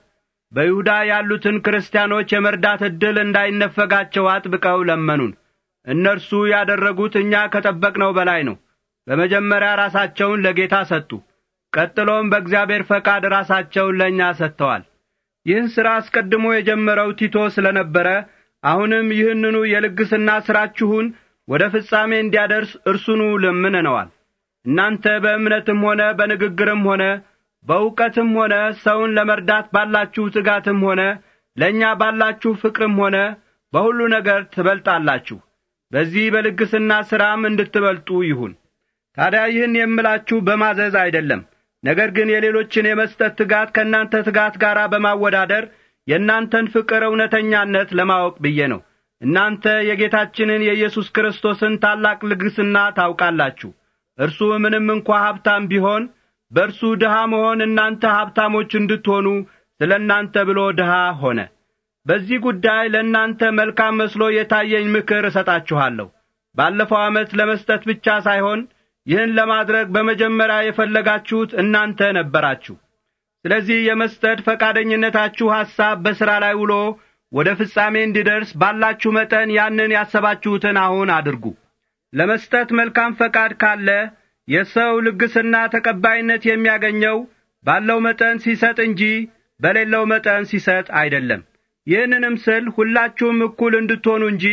በይሁዳ ያሉትን ክርስቲያኖች የመርዳት ዕድል እንዳይነፈጋቸው አጥብቀው ለመኑን። እነርሱ ያደረጉት እኛ ከጠበቅነው በላይ ነው። በመጀመሪያ ራሳቸውን ለጌታ ሰጡ፣ ቀጥሎም በእግዚአብሔር ፈቃድ ራሳቸውን ለእኛ ሰጥተዋል። ይህን ሥራ አስቀድሞ የጀመረው ቲቶ ስለ ነበረ አሁንም ይህንኑ የልግስና ሥራችሁን ወደ ፍጻሜ እንዲያደርስ እርሱኑ ለምነነዋል። እናንተ በእምነትም ሆነ በንግግርም ሆነ በእውቀትም ሆነ ሰውን ለመርዳት ባላችሁ ትጋትም ሆነ ለእኛ ባላችሁ ፍቅርም ሆነ በሁሉ ነገር ትበልጣላችሁ። በዚህ በልግስና ሥራም እንድትበልጡ ይሁን። ታዲያ ይህን የምላችሁ በማዘዝ አይደለም፣ ነገር ግን የሌሎችን የመስጠት ትጋት ከእናንተ ትጋት ጋር በማወዳደር የእናንተን ፍቅር እውነተኛነት ለማወቅ ብዬ ነው። እናንተ የጌታችንን የኢየሱስ ክርስቶስን ታላቅ ልግስና ታውቃላችሁ። እርሱ ምንም እንኳ ሀብታም ቢሆን በእርሱ ድሃ መሆን እናንተ ሀብታሞች እንድትሆኑ ስለ እናንተ ብሎ ድሃ ሆነ። በዚህ ጉዳይ ለእናንተ መልካም መስሎ የታየኝ ምክር እሰጣችኋለሁ። ባለፈው ዓመት ለመስጠት ብቻ ሳይሆን ይህን ለማድረግ በመጀመሪያ የፈለጋችሁት እናንተ ነበራችሁ። ስለዚህ የመስጠት ፈቃደኝነታችሁ ሐሳብ በሥራ ላይ ውሎ ወደ ፍጻሜ እንዲደርስ ባላችሁ መጠን ያንን ያሰባችሁትን አሁን አድርጉ። ለመስጠት መልካም ፈቃድ ካለ የሰው ልግስና ተቀባይነት የሚያገኘው ባለው መጠን ሲሰጥ እንጂ በሌለው መጠን ሲሰጥ አይደለም። ይህንንም ስል ሁላችሁም እኩል እንድትሆኑ እንጂ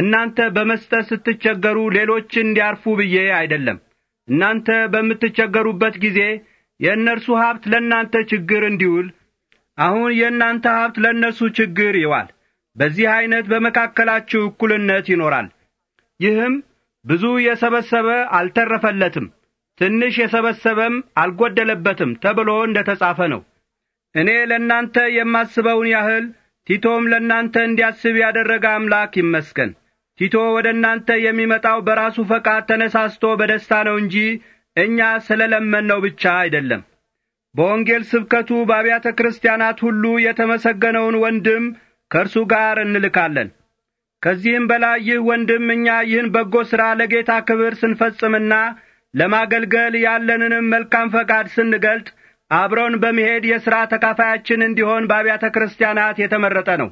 እናንተ በመስጠት ስትቸገሩ ሌሎች እንዲያርፉ ብዬ አይደለም። እናንተ በምትቸገሩበት ጊዜ የእነርሱ ሀብት ለእናንተ ችግር እንዲውል አሁን የእናንተ ሀብት ለእነርሱ ችግር ይዋል። በዚህ ዐይነት በመካከላችሁ እኩልነት ይኖራል። ይህም ብዙ የሰበሰበ አልተረፈለትም፣ ትንሽ የሰበሰበም አልጐደለበትም ተብሎ እንደ ተጻፈ ነው። እኔ ለእናንተ የማስበውን ያህል ቲቶም ለእናንተ እንዲያስብ ያደረገ አምላክ ይመስገን። ቲቶ ወደ እናንተ የሚመጣው በራሱ ፈቃድ ተነሳስቶ በደስታ ነው እንጂ እኛ ስለ ለመንነው ብቻ አይደለም። በወንጌል ስብከቱ በአብያተ ክርስቲያናት ሁሉ የተመሰገነውን ወንድም ከእርሱ ጋር እንልካለን። ከዚህም በላይ ይህ ወንድም እኛ ይህን በጎ ሥራ ለጌታ ክብር ስንፈጽምና ለማገልገል ያለንንም መልካም ፈቃድ ስንገልጥ አብረውን በመሄድ የሥራ ተካፋያችን እንዲሆን በአብያተ ክርስቲያናት የተመረጠ ነው።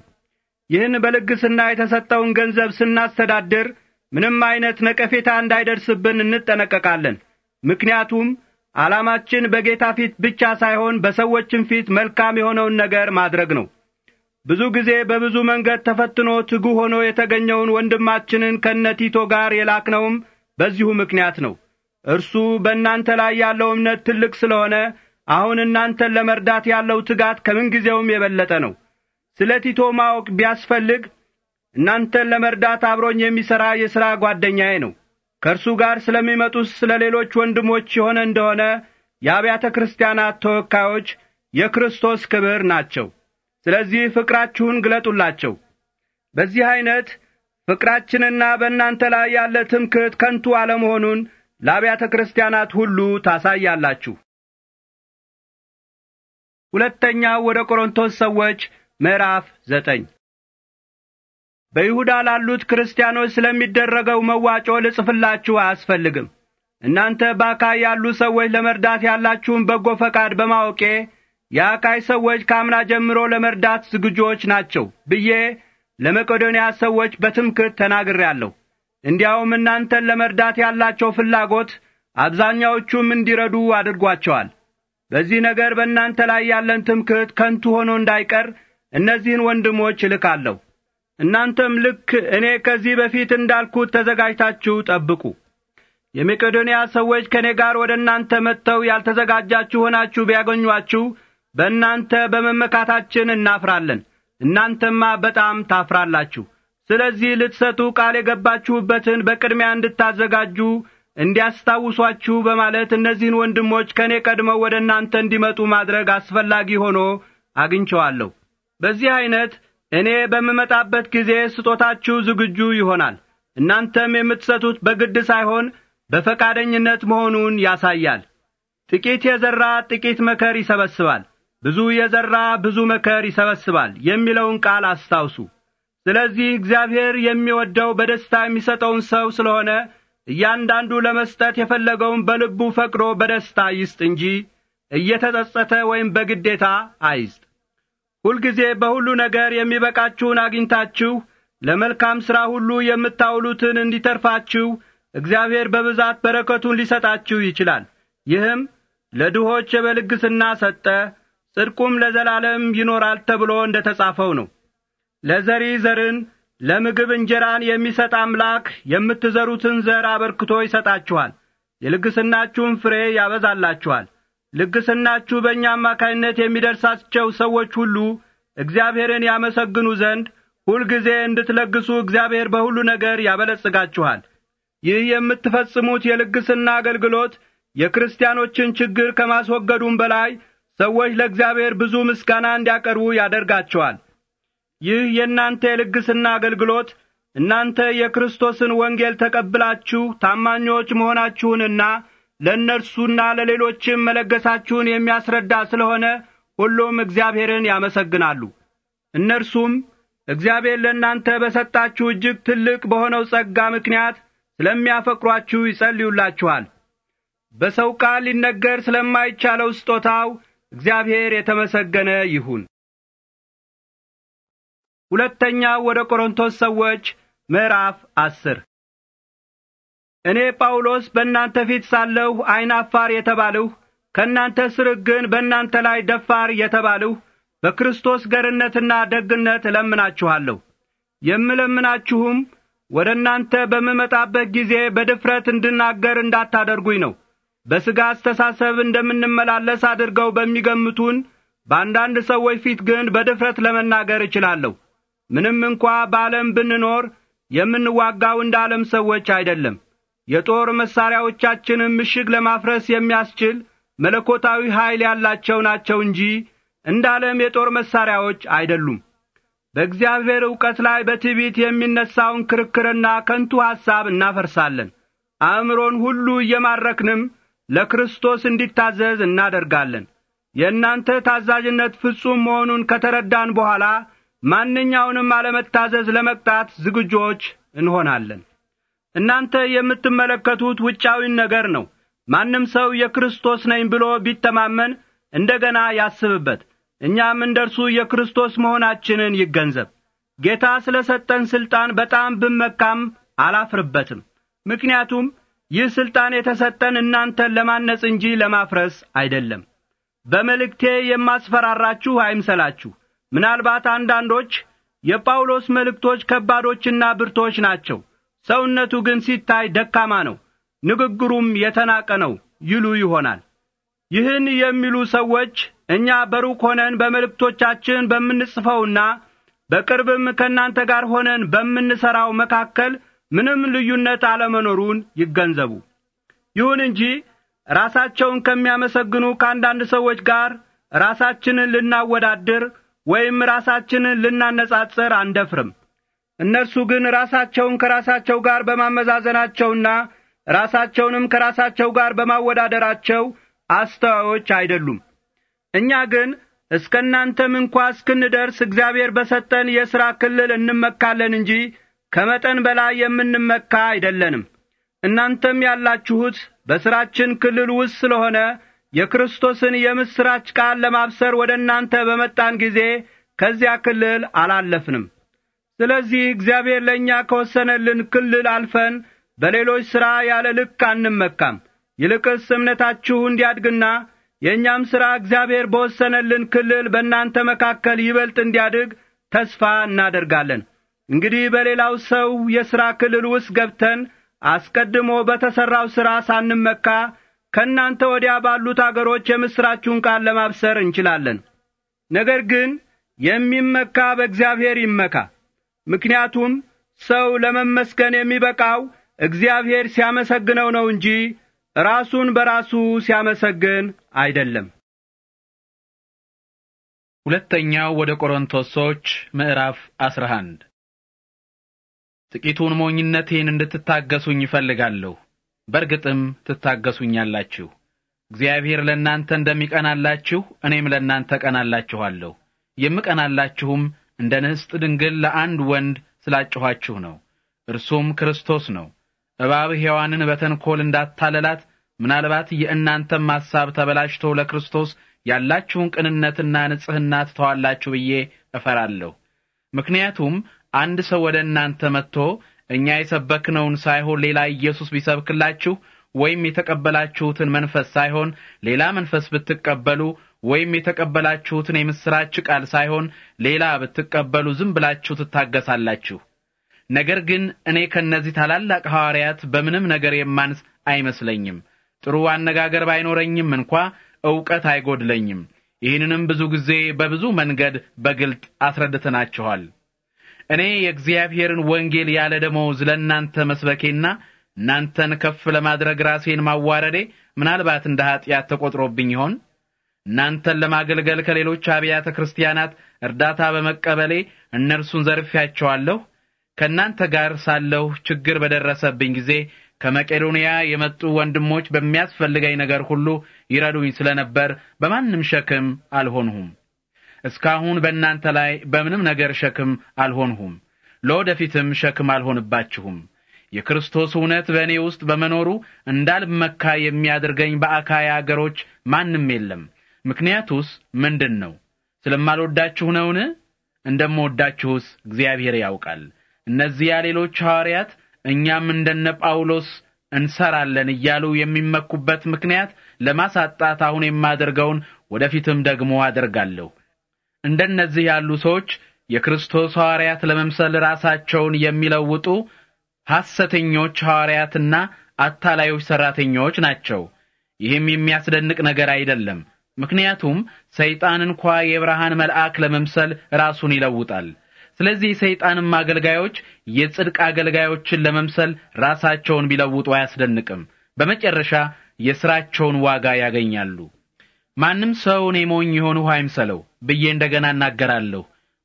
ይህን በልግስና የተሰጠውን ገንዘብ ስናስተዳድር ምንም አይነት ነቀፌታ እንዳይደርስብን እንጠነቀቃለን። ምክንያቱም ዓላማችን በጌታ ፊት ብቻ ሳይሆን በሰዎችም ፊት መልካም የሆነውን ነገር ማድረግ ነው። ብዙ ጊዜ በብዙ መንገድ ተፈትኖ ትጉ ሆኖ የተገኘውን ወንድማችንን ከነቲቶ ጋር የላክነውም በዚሁ ምክንያት ነው። እርሱ በእናንተ ላይ ያለው እምነት ትልቅ ስለሆነ አሁን እናንተን ለመርዳት ያለው ትጋት ከምንጊዜውም የበለጠ ነው። ስለ ቲቶ ማወቅ ቢያስፈልግ እናንተን ለመርዳት አብሮኝ የሚሠራ የሥራ ጓደኛዬ ነው። ከእርሱ ጋር ስለሚመጡት ስለ ሌሎች ወንድሞች የሆነ እንደሆነ የአብያተ ክርስቲያናት ተወካዮች የክርስቶስ ክብር ናቸው። ስለዚህ ፍቅራችሁን ግለጡላቸው። በዚህ ዐይነት ፍቅራችንና በእናንተ ላይ ያለ ትምክህት ከንቱ አለመሆኑን ለአብያተ ክርስቲያናት ሁሉ ታሳያላችሁ። ሁለተኛ ወደ ቆሮንቶስ ሰዎች ምዕራፍ ዘጠኝ በይሁዳ ላሉት ክርስቲያኖች ስለሚደረገው መዋጮ ልጽፍላችሁ አያስፈልግም። እናንተ በአካይ ያሉ ሰዎች ለመርዳት ያላችሁን በጎ ፈቃድ በማወቄ የአካይ ሰዎች ከአምና ጀምሮ ለመርዳት ዝግጆች ናቸው ብዬ ለመቄዶንያ ሰዎች በትምክህት ተናግሬአለሁ። እንዲያውም እናንተን ለመርዳት ያላቸው ፍላጎት አብዛኛዎቹም እንዲረዱ አድርጓቸዋል። በዚህ ነገር በእናንተ ላይ ያለን ትምክህት ከንቱ ሆኖ እንዳይቀር እነዚህን ወንድሞች እልካለሁ። እናንተም ልክ እኔ ከዚህ በፊት እንዳልኩት ተዘጋጅታችሁ ጠብቁ። የመቄዶንያ ሰዎች ከእኔ ጋር ወደ እናንተ መጥተው ያልተዘጋጃችሁ ሆናችሁ ቢያገኟችሁ በእናንተ በመመካታችን እናፍራለን፣ እናንተማ በጣም ታፍራላችሁ። ስለዚህ ልትሰጡ ቃል የገባችሁበትን በቅድሚያ እንድታዘጋጁ እንዲያስታውሷችሁ በማለት እነዚህን ወንድሞች ከእኔ ቀድመው ወደ እናንተ እንዲመጡ ማድረግ አስፈላጊ ሆኖ አግኝቸዋለሁ። በዚህ ዐይነት እኔ በምመጣበት ጊዜ ስጦታችሁ ዝግጁ ይሆናል። እናንተም የምትሰጡት በግድ ሳይሆን በፈቃደኝነት መሆኑን ያሳያል። ጥቂት የዘራ ጥቂት መከር ይሰበስባል፣ ብዙ የዘራ ብዙ መከር ይሰበስባል የሚለውን ቃል አስታውሱ። ስለዚህ እግዚአብሔር የሚወደው በደስታ የሚሰጠውን ሰው ስለሆነ እያንዳንዱ ለመስጠት የፈለገውን በልቡ ፈቅዶ በደስታ ይስጥ እንጂ እየተጸጸተ ወይም በግዴታ አይስጥ። ሁልጊዜ በሁሉ ነገር የሚበቃችሁን አግኝታችሁ ለመልካም ሥራ ሁሉ የምታውሉትን እንዲተርፋችሁ እግዚአብሔር በብዛት በረከቱን ሊሰጣችሁ ይችላል። ይህም ለድሆች በልግስና ሰጠ፣ ጽድቁም ለዘላለም ይኖራል ተብሎ እንደ ተጻፈው ነው። ለዘሪ ዘርን ለምግብ እንጀራን የሚሰጥ አምላክ የምትዘሩትን ዘር አበርክቶ ይሰጣችኋል፣ የልግስናችሁን ፍሬ ያበዛላችኋል። ልግስናችሁ በእኛ አማካይነት የሚደርሳቸው ሰዎች ሁሉ እግዚአብሔርን ያመሰግኑ ዘንድ ሁልጊዜ እንድትለግሱ እግዚአብሔር በሁሉ ነገር ያበለጽጋችኋል። ይህ የምትፈጽሙት የልግስና አገልግሎት የክርስቲያኖችን ችግር ከማስወገዱም በላይ ሰዎች ለእግዚአብሔር ብዙ ምስጋና እንዲያቀርቡ ያደርጋቸዋል። ይህ የእናንተ የልግስና አገልግሎት እናንተ የክርስቶስን ወንጌል ተቀብላችሁ ታማኞች መሆናችሁንና ለእነርሱና ለሌሎችም መለገሳችሁን የሚያስረዳ ስለሆነ ሁሉም እግዚአብሔርን ያመሰግናሉ። እነርሱም እግዚአብሔር ለእናንተ በሰጣችሁ እጅግ ትልቅ በሆነው ጸጋ ምክንያት ስለሚያፈቅሯችሁ ይጸልዩላችኋል። በሰው ቃል ሊነገር ስለማይቻለው ስጦታው እግዚአብሔር የተመሰገነ ይሁን። ሁለተኛ ወደ ቆሮንቶስ ሰዎች ምዕራፍ አስር እኔ ጳውሎስ በእናንተ ፊት ሳለሁ አፋር የተባልሁ ከእናንተ ስር ግን በእናንተ ላይ ደፋር የተባልሁ በክርስቶስ ገርነትና ደግነት እለምናችኋለሁ። የምለምናችሁም ወደ እናንተ በምመጣበት ጊዜ በድፍረት እንድናገር እንዳታደርጉኝ ነው። በሥጋ አስተሳሰብ እንደምንመላለስ አድርገው በሚገምቱን በአንዳንድ ሰዎች ፊት ግን በድፍረት ለመናገር እችላለሁ። ምንም እንኳ በዓለም ብንኖር የምንዋጋው እንደ ዓለም ሰዎች አይደለም። የጦር መሣሪያዎቻችንም ምሽግ ለማፍረስ የሚያስችል መለኮታዊ ኀይል ያላቸው ናቸው እንጂ እንደ ዓለም የጦር መሣሪያዎች አይደሉም። በእግዚአብሔር ዕውቀት ላይ በትዕቢት የሚነሣውን ክርክርና ከንቱ ሐሳብ እናፈርሳለን። አእምሮን ሁሉ እየማረክንም ለክርስቶስ እንዲታዘዝ እናደርጋለን። የእናንተ ታዛዥነት ፍጹም መሆኑን ከተረዳን በኋላ ማንኛውንም አለመታዘዝ ለመቅጣት ዝግጆች እንሆናለን። እናንተ የምትመለከቱት ውጫዊን ነገር ነው። ማንም ሰው የክርስቶስ ነኝ ብሎ ቢተማመን እንደገና ያስብበት። እኛም እንደ እርሱ የክርስቶስ መሆናችንን ይገንዘብ። ጌታ ስለ ሰጠን ሥልጣን በጣም ብመካም አላፍርበትም። ምክንያቱም ይህ ሥልጣን የተሰጠን እናንተን ለማነጽ እንጂ ለማፍረስ አይደለም። በመልእክቴ የማስፈራራችሁ አይምሰላችሁ። ምናልባት አንዳንዶች የጳውሎስ መልእክቶች ከባዶችና ብርቶች ናቸው፣ ሰውነቱ ግን ሲታይ ደካማ ነው፣ ንግግሩም የተናቀ ነው ይሉ ይሆናል። ይህን የሚሉ ሰዎች እኛ በሩቅ ሆነን በመልእክቶቻችን በምንጽፈውና በቅርብም ከእናንተ ጋር ሆነን በምንሠራው መካከል ምንም ልዩነት አለመኖሩን ይገንዘቡ። ይሁን እንጂ ራሳቸውን ከሚያመሰግኑ ከአንዳንድ ሰዎች ጋር ራሳችንን ልናወዳድር ወይም ራሳችንን ልናነጻጽር አንደፍርም። እነርሱ ግን ራሳቸውን ከራሳቸው ጋር በማመዛዘናቸውና ራሳቸውንም ከራሳቸው ጋር በማወዳደራቸው አስተዋዮች አይደሉም። እኛ ግን እስከ እናንተም እንኳ እስክንደርስ እግዚአብሔር በሰጠን የሥራ ክልል እንመካለን እንጂ ከመጠን በላይ የምንመካ አይደለንም። እናንተም ያላችሁት በሥራችን ክልል ውስጥ ስለሆነ የክርስቶስን የምሥራች ቃል ለማብሰር ወደ እናንተ በመጣን ጊዜ ከዚያ ክልል አላለፍንም። ስለዚህ እግዚአብሔር ለእኛ ከወሰነልን ክልል አልፈን በሌሎች ሥራ ያለ ልክ አንመካም። ይልቅስ እምነታችሁ እንዲያድግና የእኛም ሥራ እግዚአብሔር በወሰነልን ክልል በእናንተ መካከል ይበልጥ እንዲያድግ ተስፋ እናደርጋለን። እንግዲህ በሌላው ሰው የሥራ ክልል ውስጥ ገብተን አስቀድሞ በተሠራው ሥራ ሳንመካ ከእናንተ ወዲያ ባሉት አገሮች የምሥራችሁን ቃል ለማብሰር እንችላለን። ነገር ግን የሚመካ በእግዚአብሔር ይመካ። ምክንያቱም ሰው ለመመስገን የሚበቃው እግዚአብሔር ሲያመሰግነው ነው እንጂ ራሱን በራሱ ሲያመሰግን አይደለም። ሁለተኛው ወደ ቆሮንቶሶች ምዕራፍ 11 ጥቂቱን ሞኝነቴን እንድትታገሱኝ ይፈልጋለሁ። በእርግጥም ትታገሱኛላችሁ። እግዚአብሔር ለእናንተ እንደሚቀናላችሁ እኔም ለእናንተ ቀናላችኋለሁ። የምቀናላችሁም እንደ ንስጥ ድንግል ለአንድ ወንድ ስላጭኋችሁ ነው፣ እርሱም ክርስቶስ ነው። እባብ ሔዋንን በተንኰል እንዳታለላት ምናልባት የእናንተም ሐሳብ ተበላሽቶ ለክርስቶስ ያላችሁን ቅንነትና ንጽሕና ትተዋላችሁ ብዬ እፈራለሁ። ምክንያቱም አንድ ሰው ወደ እናንተ መጥቶ እኛ የሰበክነውን ሳይሆን ሌላ ኢየሱስ ቢሰብክላችሁ ወይም የተቀበላችሁትን መንፈስ ሳይሆን ሌላ መንፈስ ብትቀበሉ ወይም የተቀበላችሁትን የምሥራች ቃል ሳይሆን ሌላ ብትቀበሉ ዝም ብላችሁ ትታገሳላችሁ። ነገር ግን እኔ ከነዚህ ታላላቅ ሐዋርያት በምንም ነገር የማንስ አይመስለኝም። ጥሩ አነጋገር ባይኖረኝም እንኳ ዕውቀት አይጎድለኝም። ይህንንም ብዙ ጊዜ በብዙ መንገድ በግልጥ አስረድተናችኋል። እኔ የእግዚአብሔርን ወንጌል ያለ ደመወዝ ለእናንተ መስበኬና እናንተን ከፍ ለማድረግ ራሴን ማዋረዴ ምናልባት እንደ ኀጢአት ተቆጥሮብኝ ይሆን? እናንተን ለማገልገል ከሌሎች አብያተ ክርስቲያናት እርዳታ በመቀበሌ እነርሱን ዘርፌያቸዋለሁ። ከእናንተ ጋር ሳለሁ ችግር በደረሰብኝ ጊዜ ከመቄዶንያ የመጡ ወንድሞች በሚያስፈልገኝ ነገር ሁሉ ይረዱኝ ስለነበር በማንም ሸክም አልሆንሁም። እስካሁን በእናንተ ላይ በምንም ነገር ሸክም አልሆንሁም፣ ለወደፊትም ሸክም አልሆንባችሁም። የክርስቶስ እውነት በእኔ ውስጥ በመኖሩ እንዳልመካ የሚያደርገኝ በአካያ አገሮች ማንም የለም። ምክንያቱስ ምንድን ነው? ስለማልወዳችሁ ነውን? እንደምወዳችሁስ እግዚአብሔር ያውቃል። እነዚያ ሌሎች ሐዋርያት እኛም እንደነ ጳውሎስ እንሰራለን እያሉ የሚመኩበት ምክንያት ለማሳጣት አሁን የማደርገውን ወደፊትም ደግሞ አደርጋለሁ። እንደነዚህ ያሉ ሰዎች የክርስቶስ ሐዋርያት ለመምሰል ራሳቸውን የሚለውጡ ሐሰተኞች ሐዋርያትና አታላዮች ሠራተኞች ናቸው። ይህም የሚያስደንቅ ነገር አይደለም። ምክንያቱም ሰይጣን እንኳ የብርሃን መልአክ ለመምሰል ራሱን ይለውጣል። ስለዚህ ሰይጣንም አገልጋዮች የጽድቅ አገልጋዮችን ለመምሰል ራሳቸውን ቢለውጡ አያስደንቅም። በመጨረሻ የሥራቸውን ዋጋ ያገኛሉ። ማንም ሰው እኔ ሞኝ ውሃ ይምሰለው ብዬ እንደገና እናገራለሁ።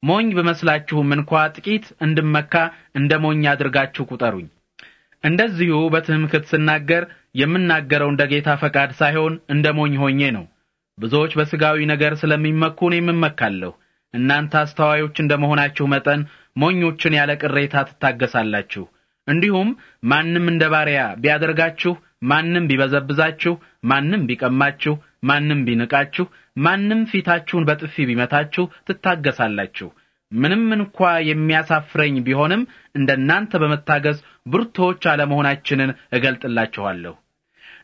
ሞኝ ብመስላችሁም እንኳ ጥቂት እንድመካ እንደ ሞኝ አድርጋችሁ ቁጠሩኝ። እንደዚሁ በትምክህት ስናገር የምናገረው እንደ ጌታ ፈቃድ ሳይሆን እንደ ሞኝ ሆኜ ነው። ብዙዎች በሥጋዊ ነገር ስለሚመኩ እኔም እናንተ አስተዋዮች እንደ መሆናችሁ መጠን ሞኞችን ያለ ቅሬታ ትታገሳላችሁ። እንዲሁም ማንም እንደ ባሪያ ቢያደርጋችሁ፣ ማንም ቢበዘብዛችሁ፣ ማንም ቢቀማችሁ ማንም ቢንቃችሁ፣ ማንም ፊታችሁን በጥፊ ቢመታችሁ ትታገሳላችሁ። ምንም እንኳ የሚያሳፍረኝ ቢሆንም እንደናንተ በመታገስ ብርቶች አለመሆናችንን እገልጥላችኋለሁ።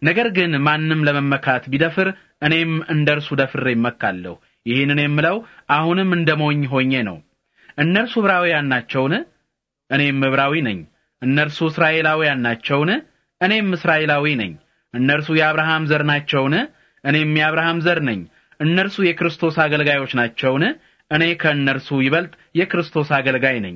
ነገር ግን ማንም ለመመካት ቢደፍር እኔም እንደ እርሱ ደፍሬ ይመካለሁ ይህንን የምለው አሁንም እንደ ሞኝ ሆኜ ነው። እነርሱ ዕብራውያን ናቸውን? እኔም ዕብራዊ ነኝ። እነርሱ እስራኤላውያን ናቸውን? እኔም እስራኤላዊ ነኝ። እነርሱ የአብርሃም ዘር ናቸውን? እኔም የአብርሃም ዘር ነኝ። እነርሱ የክርስቶስ አገልጋዮች ናቸውን? እኔ ከእነርሱ ይበልጥ የክርስቶስ አገልጋይ ነኝ።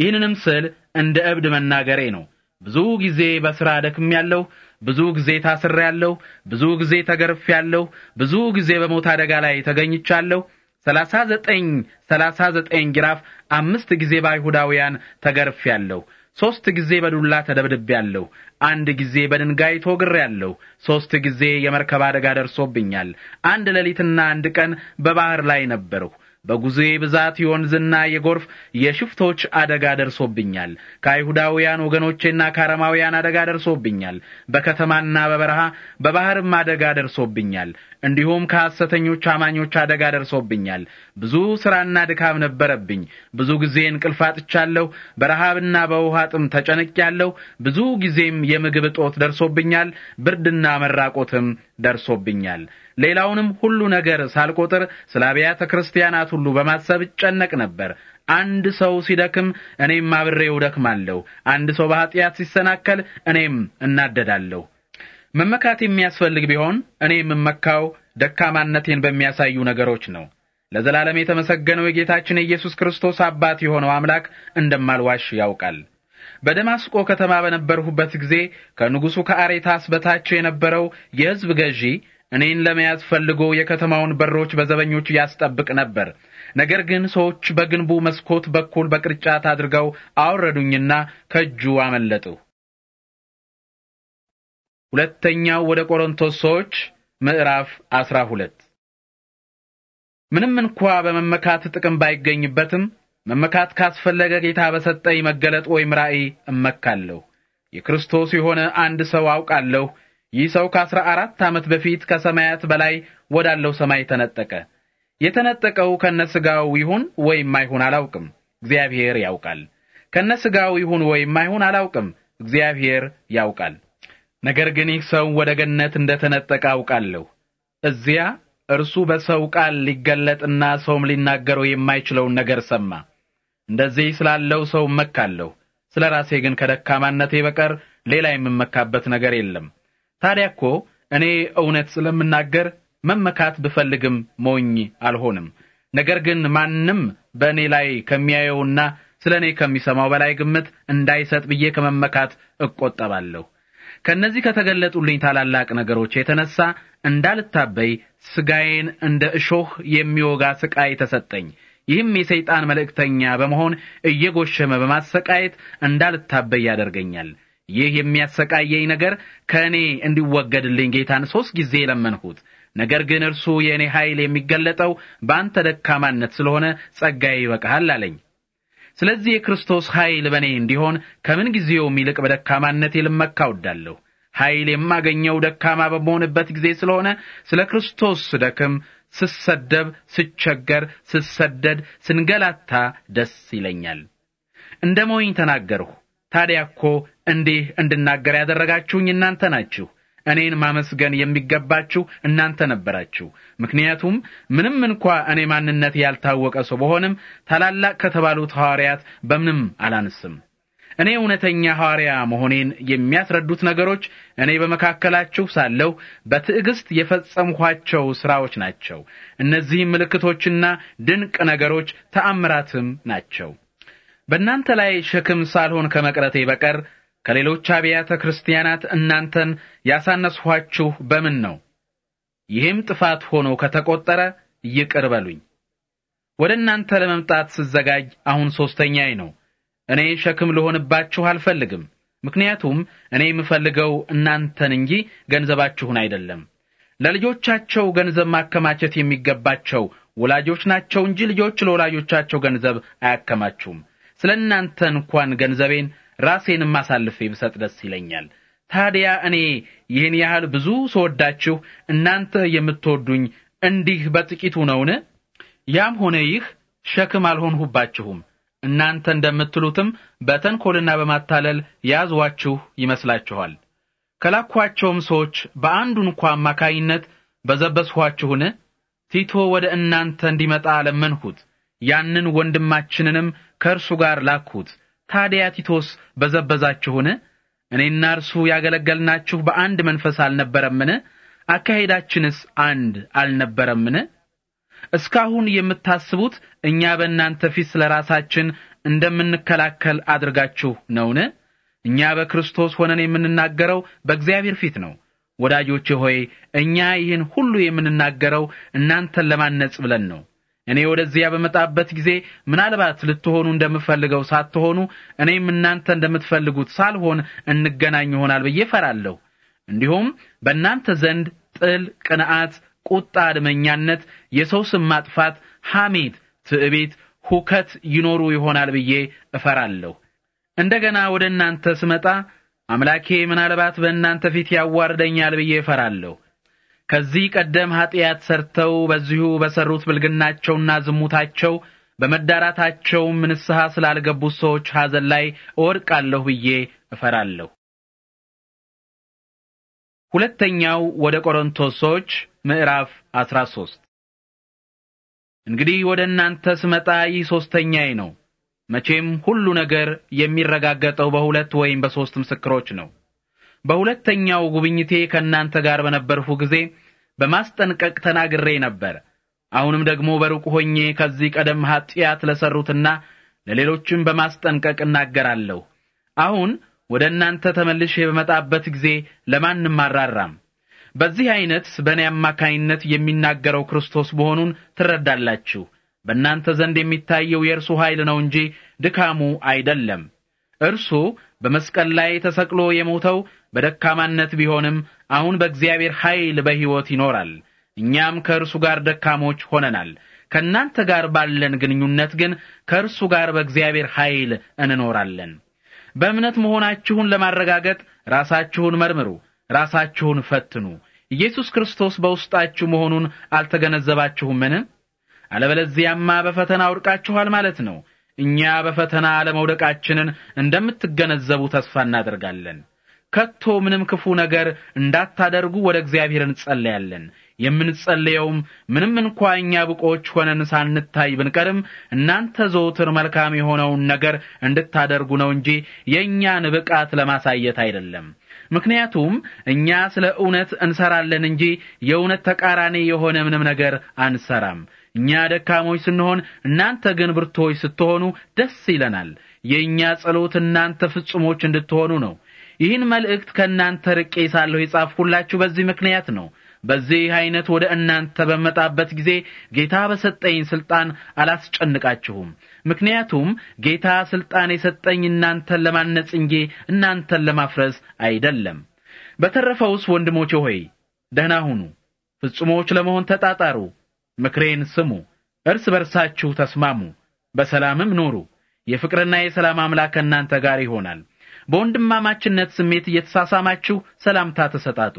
ይህንንም ስል እንደ እብድ መናገሬ ነው። ብዙ ጊዜ በሥራ ደክሜያለሁ፣ ብዙ ጊዜ ታስሬያለሁ፣ ብዙ ጊዜ ተገርፌያለሁ፣ ብዙ ጊዜ በሞት አደጋ ላይ ተገኝቻለሁ። ሰላሳ ዘጠኝ ሰላሳ ዘጠኝ ግራፍ አምስት ጊዜ በአይሁዳውያን ተገርፌያለሁ። ሦስት ጊዜ በዱላ ተደብድቤያለሁ። አንድ ጊዜ በድንጋይ ያለው ሦስት ጊዜ የመርከብ አደጋ ደርሶብኛል። አንድ ሌሊትና አንድ ቀን በባህር ላይ ነበርሁ። በጉዞዬ ብዛት የወንዝና የጎርፍ የሽፍቶች አደጋ ደርሶብኛል። ከአይሁዳውያን ወገኖቼና ከአረማውያን አደጋ ደርሶብኛል። በከተማና በበረሃ በባህርም አደጋ ደርሶብኛል። እንዲሁም ከሐሰተኞች አማኞች አደጋ ደርሶብኛል። ብዙ ሥራና ድካም ነበረብኝ። ብዙ ጊዜ እንቅልፍ አጥቻለሁ። በረሃብና በውሃ ጥም ተጨነቄያለሁ። ብዙ ጊዜም የምግብ እጦት ደርሶብኛል። ብርድና መራቆትም ደርሶብኛል። ሌላውንም ሁሉ ነገር ሳልቆጥር ስለ አብያተ ክርስቲያናት ሁሉ በማሰብ እጨነቅ ነበር። አንድ ሰው ሲደክም እኔም አብሬው ደክማለሁ አንድ ሰው በኀጢአት ሲሰናከል እኔም እናደዳለሁ። መመካት የሚያስፈልግ ቢሆን እኔ የምመካው ደካማነቴን በሚያሳዩ ነገሮች ነው። ለዘላለም የተመሰገነው የጌታችን የኢየሱስ ክርስቶስ አባት የሆነው አምላክ እንደማልዋሽ ያውቃል። በደማስቆ ከተማ በነበርሁበት ጊዜ ከንጉሡ ከአሬታስ በታች የነበረው የሕዝብ ገዢ እኔን ለመያዝ ፈልጎ የከተማውን በሮች በዘበኞች ያስጠብቅ ነበር። ነገር ግን ሰዎች በግንቡ መስኮት በኩል በቅርጫት አድርገው አወረዱኝና ከእጁ አመለጥሁ። ሁለተኛው ወደ ቆሮንቶስ ሰዎች ምዕራፍ አስራ ሁለት ምንም እንኳ በመመካት ጥቅም ባይገኝበትም መመካት ካስፈለገ ጌታ በሰጠኝ መገለጥ ወይም ራእይ እመካለሁ። የክርስቶስ የሆነ አንድ ሰው አውቃለሁ። ይህ ሰው ከአስራ አራት ዓመት በፊት ከሰማያት በላይ ወዳለው ሰማይ ተነጠቀ። የተነጠቀው ከነስጋው ይሁን ወይም አይሁን አላውቅም፣ እግዚአብሔር ያውቃል። ከነስጋው ይሁን ወይም አይሁን አላውቅም፣ እግዚአብሔር ያውቃል። ነገር ግን ይህ ሰው ወደ ገነት እንደተነጠቀ አውቃለሁ። እዚያ እርሱ በሰው ቃል ሊገለጥና ሰውም ሊናገረው የማይችለውን ነገር ሰማ። እንደዚህ ስላለው ሰው እመካለሁ። ስለ ራሴ ግን ከደካማነቴ በቀር ሌላ የምመካበት ነገር የለም። ታዲያ እኮ እኔ እውነት ስለምናገር መመካት ብፈልግም ሞኝ አልሆንም። ነገር ግን ማንም በእኔ ላይ ከሚያየውና ስለ እኔ ከሚሰማው በላይ ግምት እንዳይሰጥ ብዬ ከመመካት እቆጠባለሁ። ከእነዚህ ከተገለጡልኝ ታላላቅ ነገሮች የተነሳ እንዳልታበይ ሥጋዬን እንደ እሾህ የሚወጋ ሥቃይ ተሰጠኝ። ይህም የሰይጣን መልእክተኛ በመሆን እየጎሸመ በማሰቃየት እንዳልታበይ ያደርገኛል። ይህ የሚያሰቃየኝ ነገር ከእኔ እንዲወገድልኝ ጌታን ሦስት ጊዜ ለመንሁት። ነገር ግን እርሱ የእኔ ኃይል የሚገለጠው በአንተ ደካማነት ስለሆነ ጸጋዬ ይበቃሃል አለኝ። ስለዚህ የክርስቶስ ኃይል በእኔ እንዲሆን ከምን ጊዜውም ይልቅ በደካማነቴ ልመካ እወዳለሁ። ኃይል የማገኘው ደካማ በመሆንበት ጊዜ ስለሆነ ስለ ክርስቶስ ስደክም ስሰደብ፣ ስቸገር፣ ስሰደድ፣ ስንገላታ ደስ ይለኛል። እንደ ሞኝ ተናገርሁ። ታዲያ እኮ እንዲህ እንድናገር ያደረጋችሁኝ እናንተ ናችሁ። እኔን ማመስገን የሚገባችሁ እናንተ ነበራችሁ። ምክንያቱም ምንም እንኳ እኔ ማንነት ያልታወቀ ሰው በሆንም ታላላቅ ከተባሉት ሐዋርያት በምንም አላንስም። እኔ እውነተኛ ሐዋርያ መሆኔን የሚያስረዱት ነገሮች እኔ በመካከላችሁ ሳለሁ በትዕግስት የፈጸምኋቸው ሥራዎች ናቸው። እነዚህም ምልክቶችና ድንቅ ነገሮች ተአምራትም ናቸው። በእናንተ ላይ ሸክም ሳልሆን ከመቅረቴ በቀር ከሌሎች አብያተ ክርስቲያናት እናንተን ያሳነስኋችሁ በምን ነው? ይህም ጥፋት ሆኖ ከተቆጠረ ይቅር በሉኝ። ወደ እናንተ ለመምጣት ስዘጋጅ አሁን ሦስተኛዬ ነው። እኔ ሸክም ልሆንባችሁ አልፈልግም። ምክንያቱም እኔ የምፈልገው እናንተን እንጂ ገንዘባችሁን አይደለም። ለልጆቻቸው ገንዘብ ማከማቸት የሚገባቸው ወላጆች ናቸው እንጂ ልጆች ለወላጆቻቸው ገንዘብ አያከማችሁም። ስለ እናንተ እንኳን ገንዘቤን ራሴንም አሳልፌ ብሰጥ ደስ ይለኛል። ታዲያ እኔ ይህን ያህል ብዙ ስወዳችሁ እናንተ የምትወዱኝ እንዲህ በጥቂቱ ነውን? ያም ሆነ ይህ ሸክም አልሆንሁባችሁም። እናንተ እንደምትሉትም በተንኮልና በማታለል ያዟችሁ ይመስላችኋል። ከላኳቸውም ሰዎች በአንዱ እንኳ አማካይነት በዘበስኋችሁን? ቲቶ ወደ እናንተ እንዲመጣ ለመንሁት፣ ያንን ወንድማችንንም ከእርሱ ጋር ላኩት። ታዲያ ቲቶስ በዘበዛችሁን? እኔና እርሱ ያገለገልናችሁ በአንድ መንፈስ አልነበረምን? አካሄዳችንስ አንድ አልነበረምን? እስካሁን የምታስቡት እኛ በእናንተ ፊት ስለ ራሳችን እንደምንከላከል አድርጋችሁ ነውን? እኛ በክርስቶስ ሆነን የምንናገረው በእግዚአብሔር ፊት ነው። ወዳጆቼ ሆይ እኛ ይህን ሁሉ የምንናገረው እናንተን ለማነጽ ብለን ነው። እኔ ወደዚያ በመጣበት ጊዜ ምናልባት ልትሆኑ እንደምፈልገው ሳትሆኑ እኔም እናንተ እንደምትፈልጉት ሳልሆን እንገናኝ ይሆናል ብዬ ፈራለሁ። እንዲሁም በእናንተ ዘንድ ጥል፣ ቅንዓት ቁጣ፣ አድመኛነት፣ የሰው ስም ማጥፋት፣ ሐሜት፣ ትዕቤት፣ ሁከት ይኖሩ ይሆናል ብዬ እፈራለሁ። እንደገና ወደ እናንተ ስመጣ አምላኬ ምናልባት በእናንተ ፊት ያዋርደኛል ብዬ እፈራለሁ። ከዚህ ቀደም ኀጢአት ሰርተው በዚሁ በሰሩት ብልግናቸውና ዝሙታቸው በመዳራታቸውም ንስሐ ስላልገቡት ሰዎች ሐዘን ላይ እወድቃለሁ ብዬ እፈራለሁ። ሁለተኛው ወደ ቆሮንቶስ ሰዎች ምዕራፍ 13 እንግዲህ ወደ እናንተ ስመጣ ይህ ሶስተኛዬ ነው። መቼም ሁሉ ነገር የሚረጋገጠው በሁለት ወይም በሶስት ምስክሮች ነው። በሁለተኛው ጉብኝቴ ከእናንተ ጋር በነበርሁ ጊዜ በማስጠንቀቅ ተናግሬ ነበር። አሁንም ደግሞ በሩቅ ሆኜ ከዚህ ቀደም ሀጥያት ለሰሩትና ለሌሎችም በማስጠንቀቅ እናገራለሁ። አሁን ወደ እናንተ ተመልሼ በመጣበት ጊዜ ለማንም አራራም። በዚህ አይነት በእኔ አማካይነት የሚናገረው ክርስቶስ መሆኑን ትረዳላችሁ። በእናንተ ዘንድ የሚታየው የእርሱ ኃይል ነው እንጂ ድካሙ አይደለም። እርሱ በመስቀል ላይ ተሰቅሎ የሞተው በደካማነት ቢሆንም አሁን በእግዚአብሔር ኃይል በሕይወት ይኖራል። እኛም ከእርሱ ጋር ደካሞች ሆነናል። ከእናንተ ጋር ባለን ግንኙነት ግን ከእርሱ ጋር በእግዚአብሔር ኃይል እንኖራለን። በእምነት መሆናችሁን ለማረጋገጥ ራሳችሁን መርምሩ። ራሳችሁን ፈትኑ። ኢየሱስ ክርስቶስ በውስጣችሁ መሆኑን አልተገነዘባችሁምን? አለበለዚያማ በፈተና ወድቃችኋል ማለት ነው። እኛ በፈተና አለመውደቃችንን እንደምትገነዘቡ ተስፋ እናደርጋለን። ከቶ ምንም ክፉ ነገር እንዳታደርጉ ወደ እግዚአብሔር እንጸለያለን። የምንጸለየውም ምንም እንኳ እኛ ብቆች ሆነን ሳንታይ ብንቀርም እናንተ ዘውትር መልካም የሆነውን ነገር እንድታደርጉ ነው እንጂ የእኛን ብቃት ለማሳየት አይደለም። ምክንያቱም እኛ ስለ እውነት እንሰራለን እንጂ የእውነት ተቃራኒ የሆነ ምንም ነገር አንሰራም። እኛ ደካሞች ስንሆን፣ እናንተ ግን ብርቶች ስትሆኑ ደስ ይለናል። የእኛ ጸሎት እናንተ ፍጹሞች እንድትሆኑ ነው። ይህን መልእክት ከእናንተ ርቄ ሳለሁ የጻፍሁላችሁ በዚህ ምክንያት ነው። በዚህ አይነት ወደ እናንተ በመጣበት ጊዜ ጌታ በሰጠኝ ሥልጣን አላስጨንቃችሁም። ምክንያቱም ጌታ ሥልጣን የሰጠኝ እናንተን ለማነጽ እንጂ እናንተን ለማፍረስ አይደለም። በተረፈውስ ወንድሞቼ ሆይ ደህና ሁኑ፣ ፍጹሞች ለመሆን ተጣጣሩ፣ ምክሬን ስሙ፣ እርስ በርሳችሁ ተስማሙ፣ በሰላምም ኑሩ። የፍቅርና የሰላም አምላክ ከእናንተ ጋር ይሆናል። በወንድማማችነት ስሜት እየተሳሳማችሁ ሰላምታ ተሰጣጡ።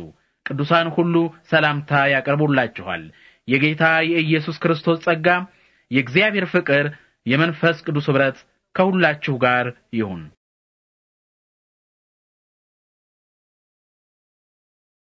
ቅዱሳን ሁሉ ሰላምታ ያቀርቡላችኋል። የጌታ የኢየሱስ ክርስቶስ ጸጋ፣ የእግዚአብሔር ፍቅር የመንፈስ ቅዱስ ኅብረት ከሁላችሁ ጋር ይሁን።